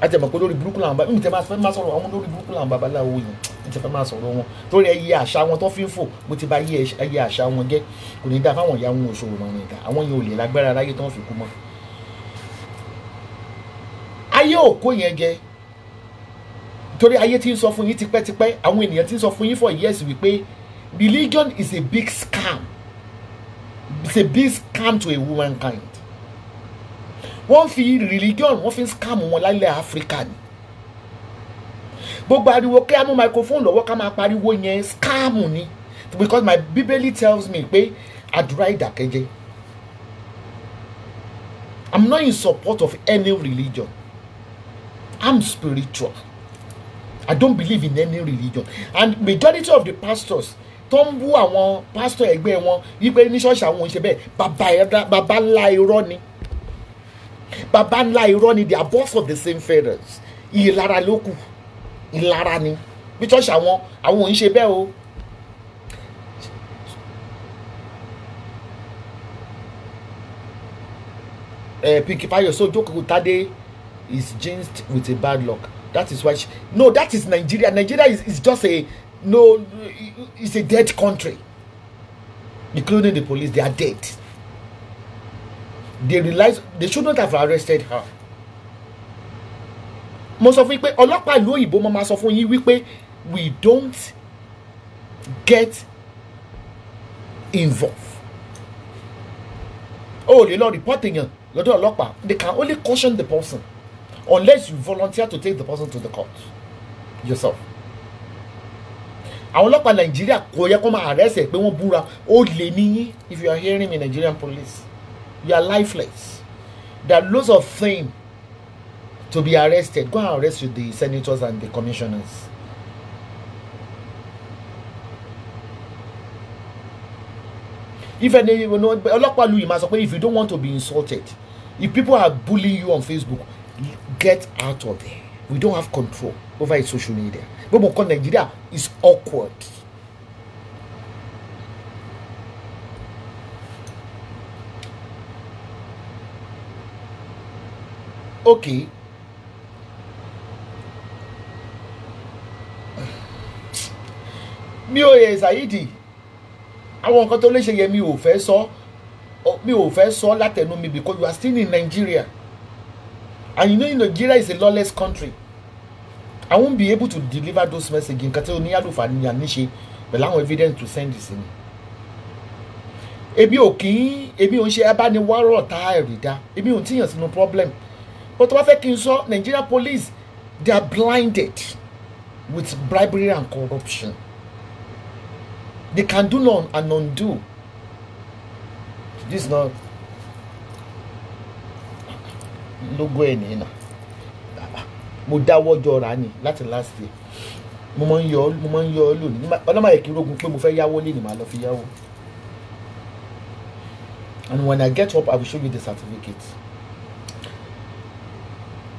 àtẹ̀mọ̀ pé lórí burúkú làwọn bá mi tẹ́ máa fẹ́ máa sọ̀rọ̀ àwọn lórí burúkú làwọn babaláwo yìí mi tẹ́ fẹ́ máa sọ̀rọ̀ wọn torí ẹyẹ àṣà wọn tó fi ń fò mo ti bà ẹyẹ àṣà wọn jẹ́ kò ní dáa fáwọn ìyá wọn òṣòwò náà nìkan àwọn yẹn ò lè lágbára láyé tó ń fi kú mọ́. ayé òkú yẹn jẹ torí ayé ti ń sọ fún yín tipẹ́tipẹ́ àwọn ènìyàn ti ń sọ fún yín for years wípé religion is a big scam it's a big scam to a womankind wọ́n fi religion wọ́n fi ń scam wọn lálẹ́ áfíríkà ni gbogbo ariwo kí a mú microphone lọ́wọ́ ká máa pariwo yẹn scam ni because my bíbélì tells me pé àdúrà ìdákẹ́jẹ́ I'm not in support of any religion I'm spiritual I don't believe in any religion and majority of the pastors tó ń bú àwọn pásítọ̀ ẹgbẹ́ wọn wípé ní ṣọ́ọ̀ṣì àwọn ò ṣe bẹ́ẹ̀ bàbá ńlá irọ́ ni baba ńlá irọ́ ni they are both of the same feathers ìlara ló kù ìlara ni bí church àwọn àwọn ò ń ṣe bẹ́ẹ̀ o. Eh, Pinky Payo so Joko Tade is jinxed with a bad luck that is why she no that is Nigeria Nigeria is, is just a no it's a dead country including the police they are dead they realize they should not have arrested her mo sọ fún yín pé ọlọ́pàá ìlú òyìnbó mo máa sọ fún yín wípé we don't get involved o lè lọ report èèyàn lọ́dọ̀ ọlọ́pàá they can only caution the person unless you volunteer to take the person to the court yourself àwọn ọlọ́pàá nàìjíríà kò yẹ kó máa arrest ẹ̀ pé wọ́n búra ó lè níyín if you are hearing me Nigerian police You are lifeless. There are loads of things to be arrested. Go and arrest the senators and the commissioners. If any you know, ọlọ́pàá lu ìmọ̀ if you don't want to be insulted, if people are bullying you on Facebook, get out of there. We don't have control over social media. Gbogbo nǹkan Nàìjíríà is awkward. okay. mi ò yẹ Saheed àwọn nǹkan tó lè ṣe yẹ mi ò fẹ́ sọ mi ò fẹ́ sọ látẹnu mi because you are still in Nigeria and you know Nigeria is a lawless country I won't be able to deliver those messages nǹkan tí oníyàlùfà ni àníṣe pẹ̀lú àwọn evidence to send sí mi èmi ò kì í èmi ò ń ṣe abániwárọ̀ tá a rí dá èmi ò tíyàn sínú problem o tó bá fẹ́ kí n sọ Nigeria police they are blinded with bribery and corruption they can do none and undo this na logo ẹ̀ nìyí na mo dáwọ́ jọra ni láti last year mo máa ń yọ mo máa ń yọ ọ lónìí ọlọ́mọ yẹ kí rogun pé mo fẹ́ yáwó lé ni màá lọ fi yáwó and when I get up I will show you the certificate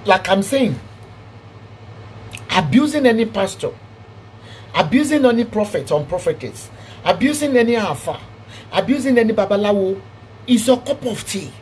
like I'm saying, abusing any pastor, abusing any prophet or prophetess, abusing any alpha, abusing any babalawo is a cup of tea.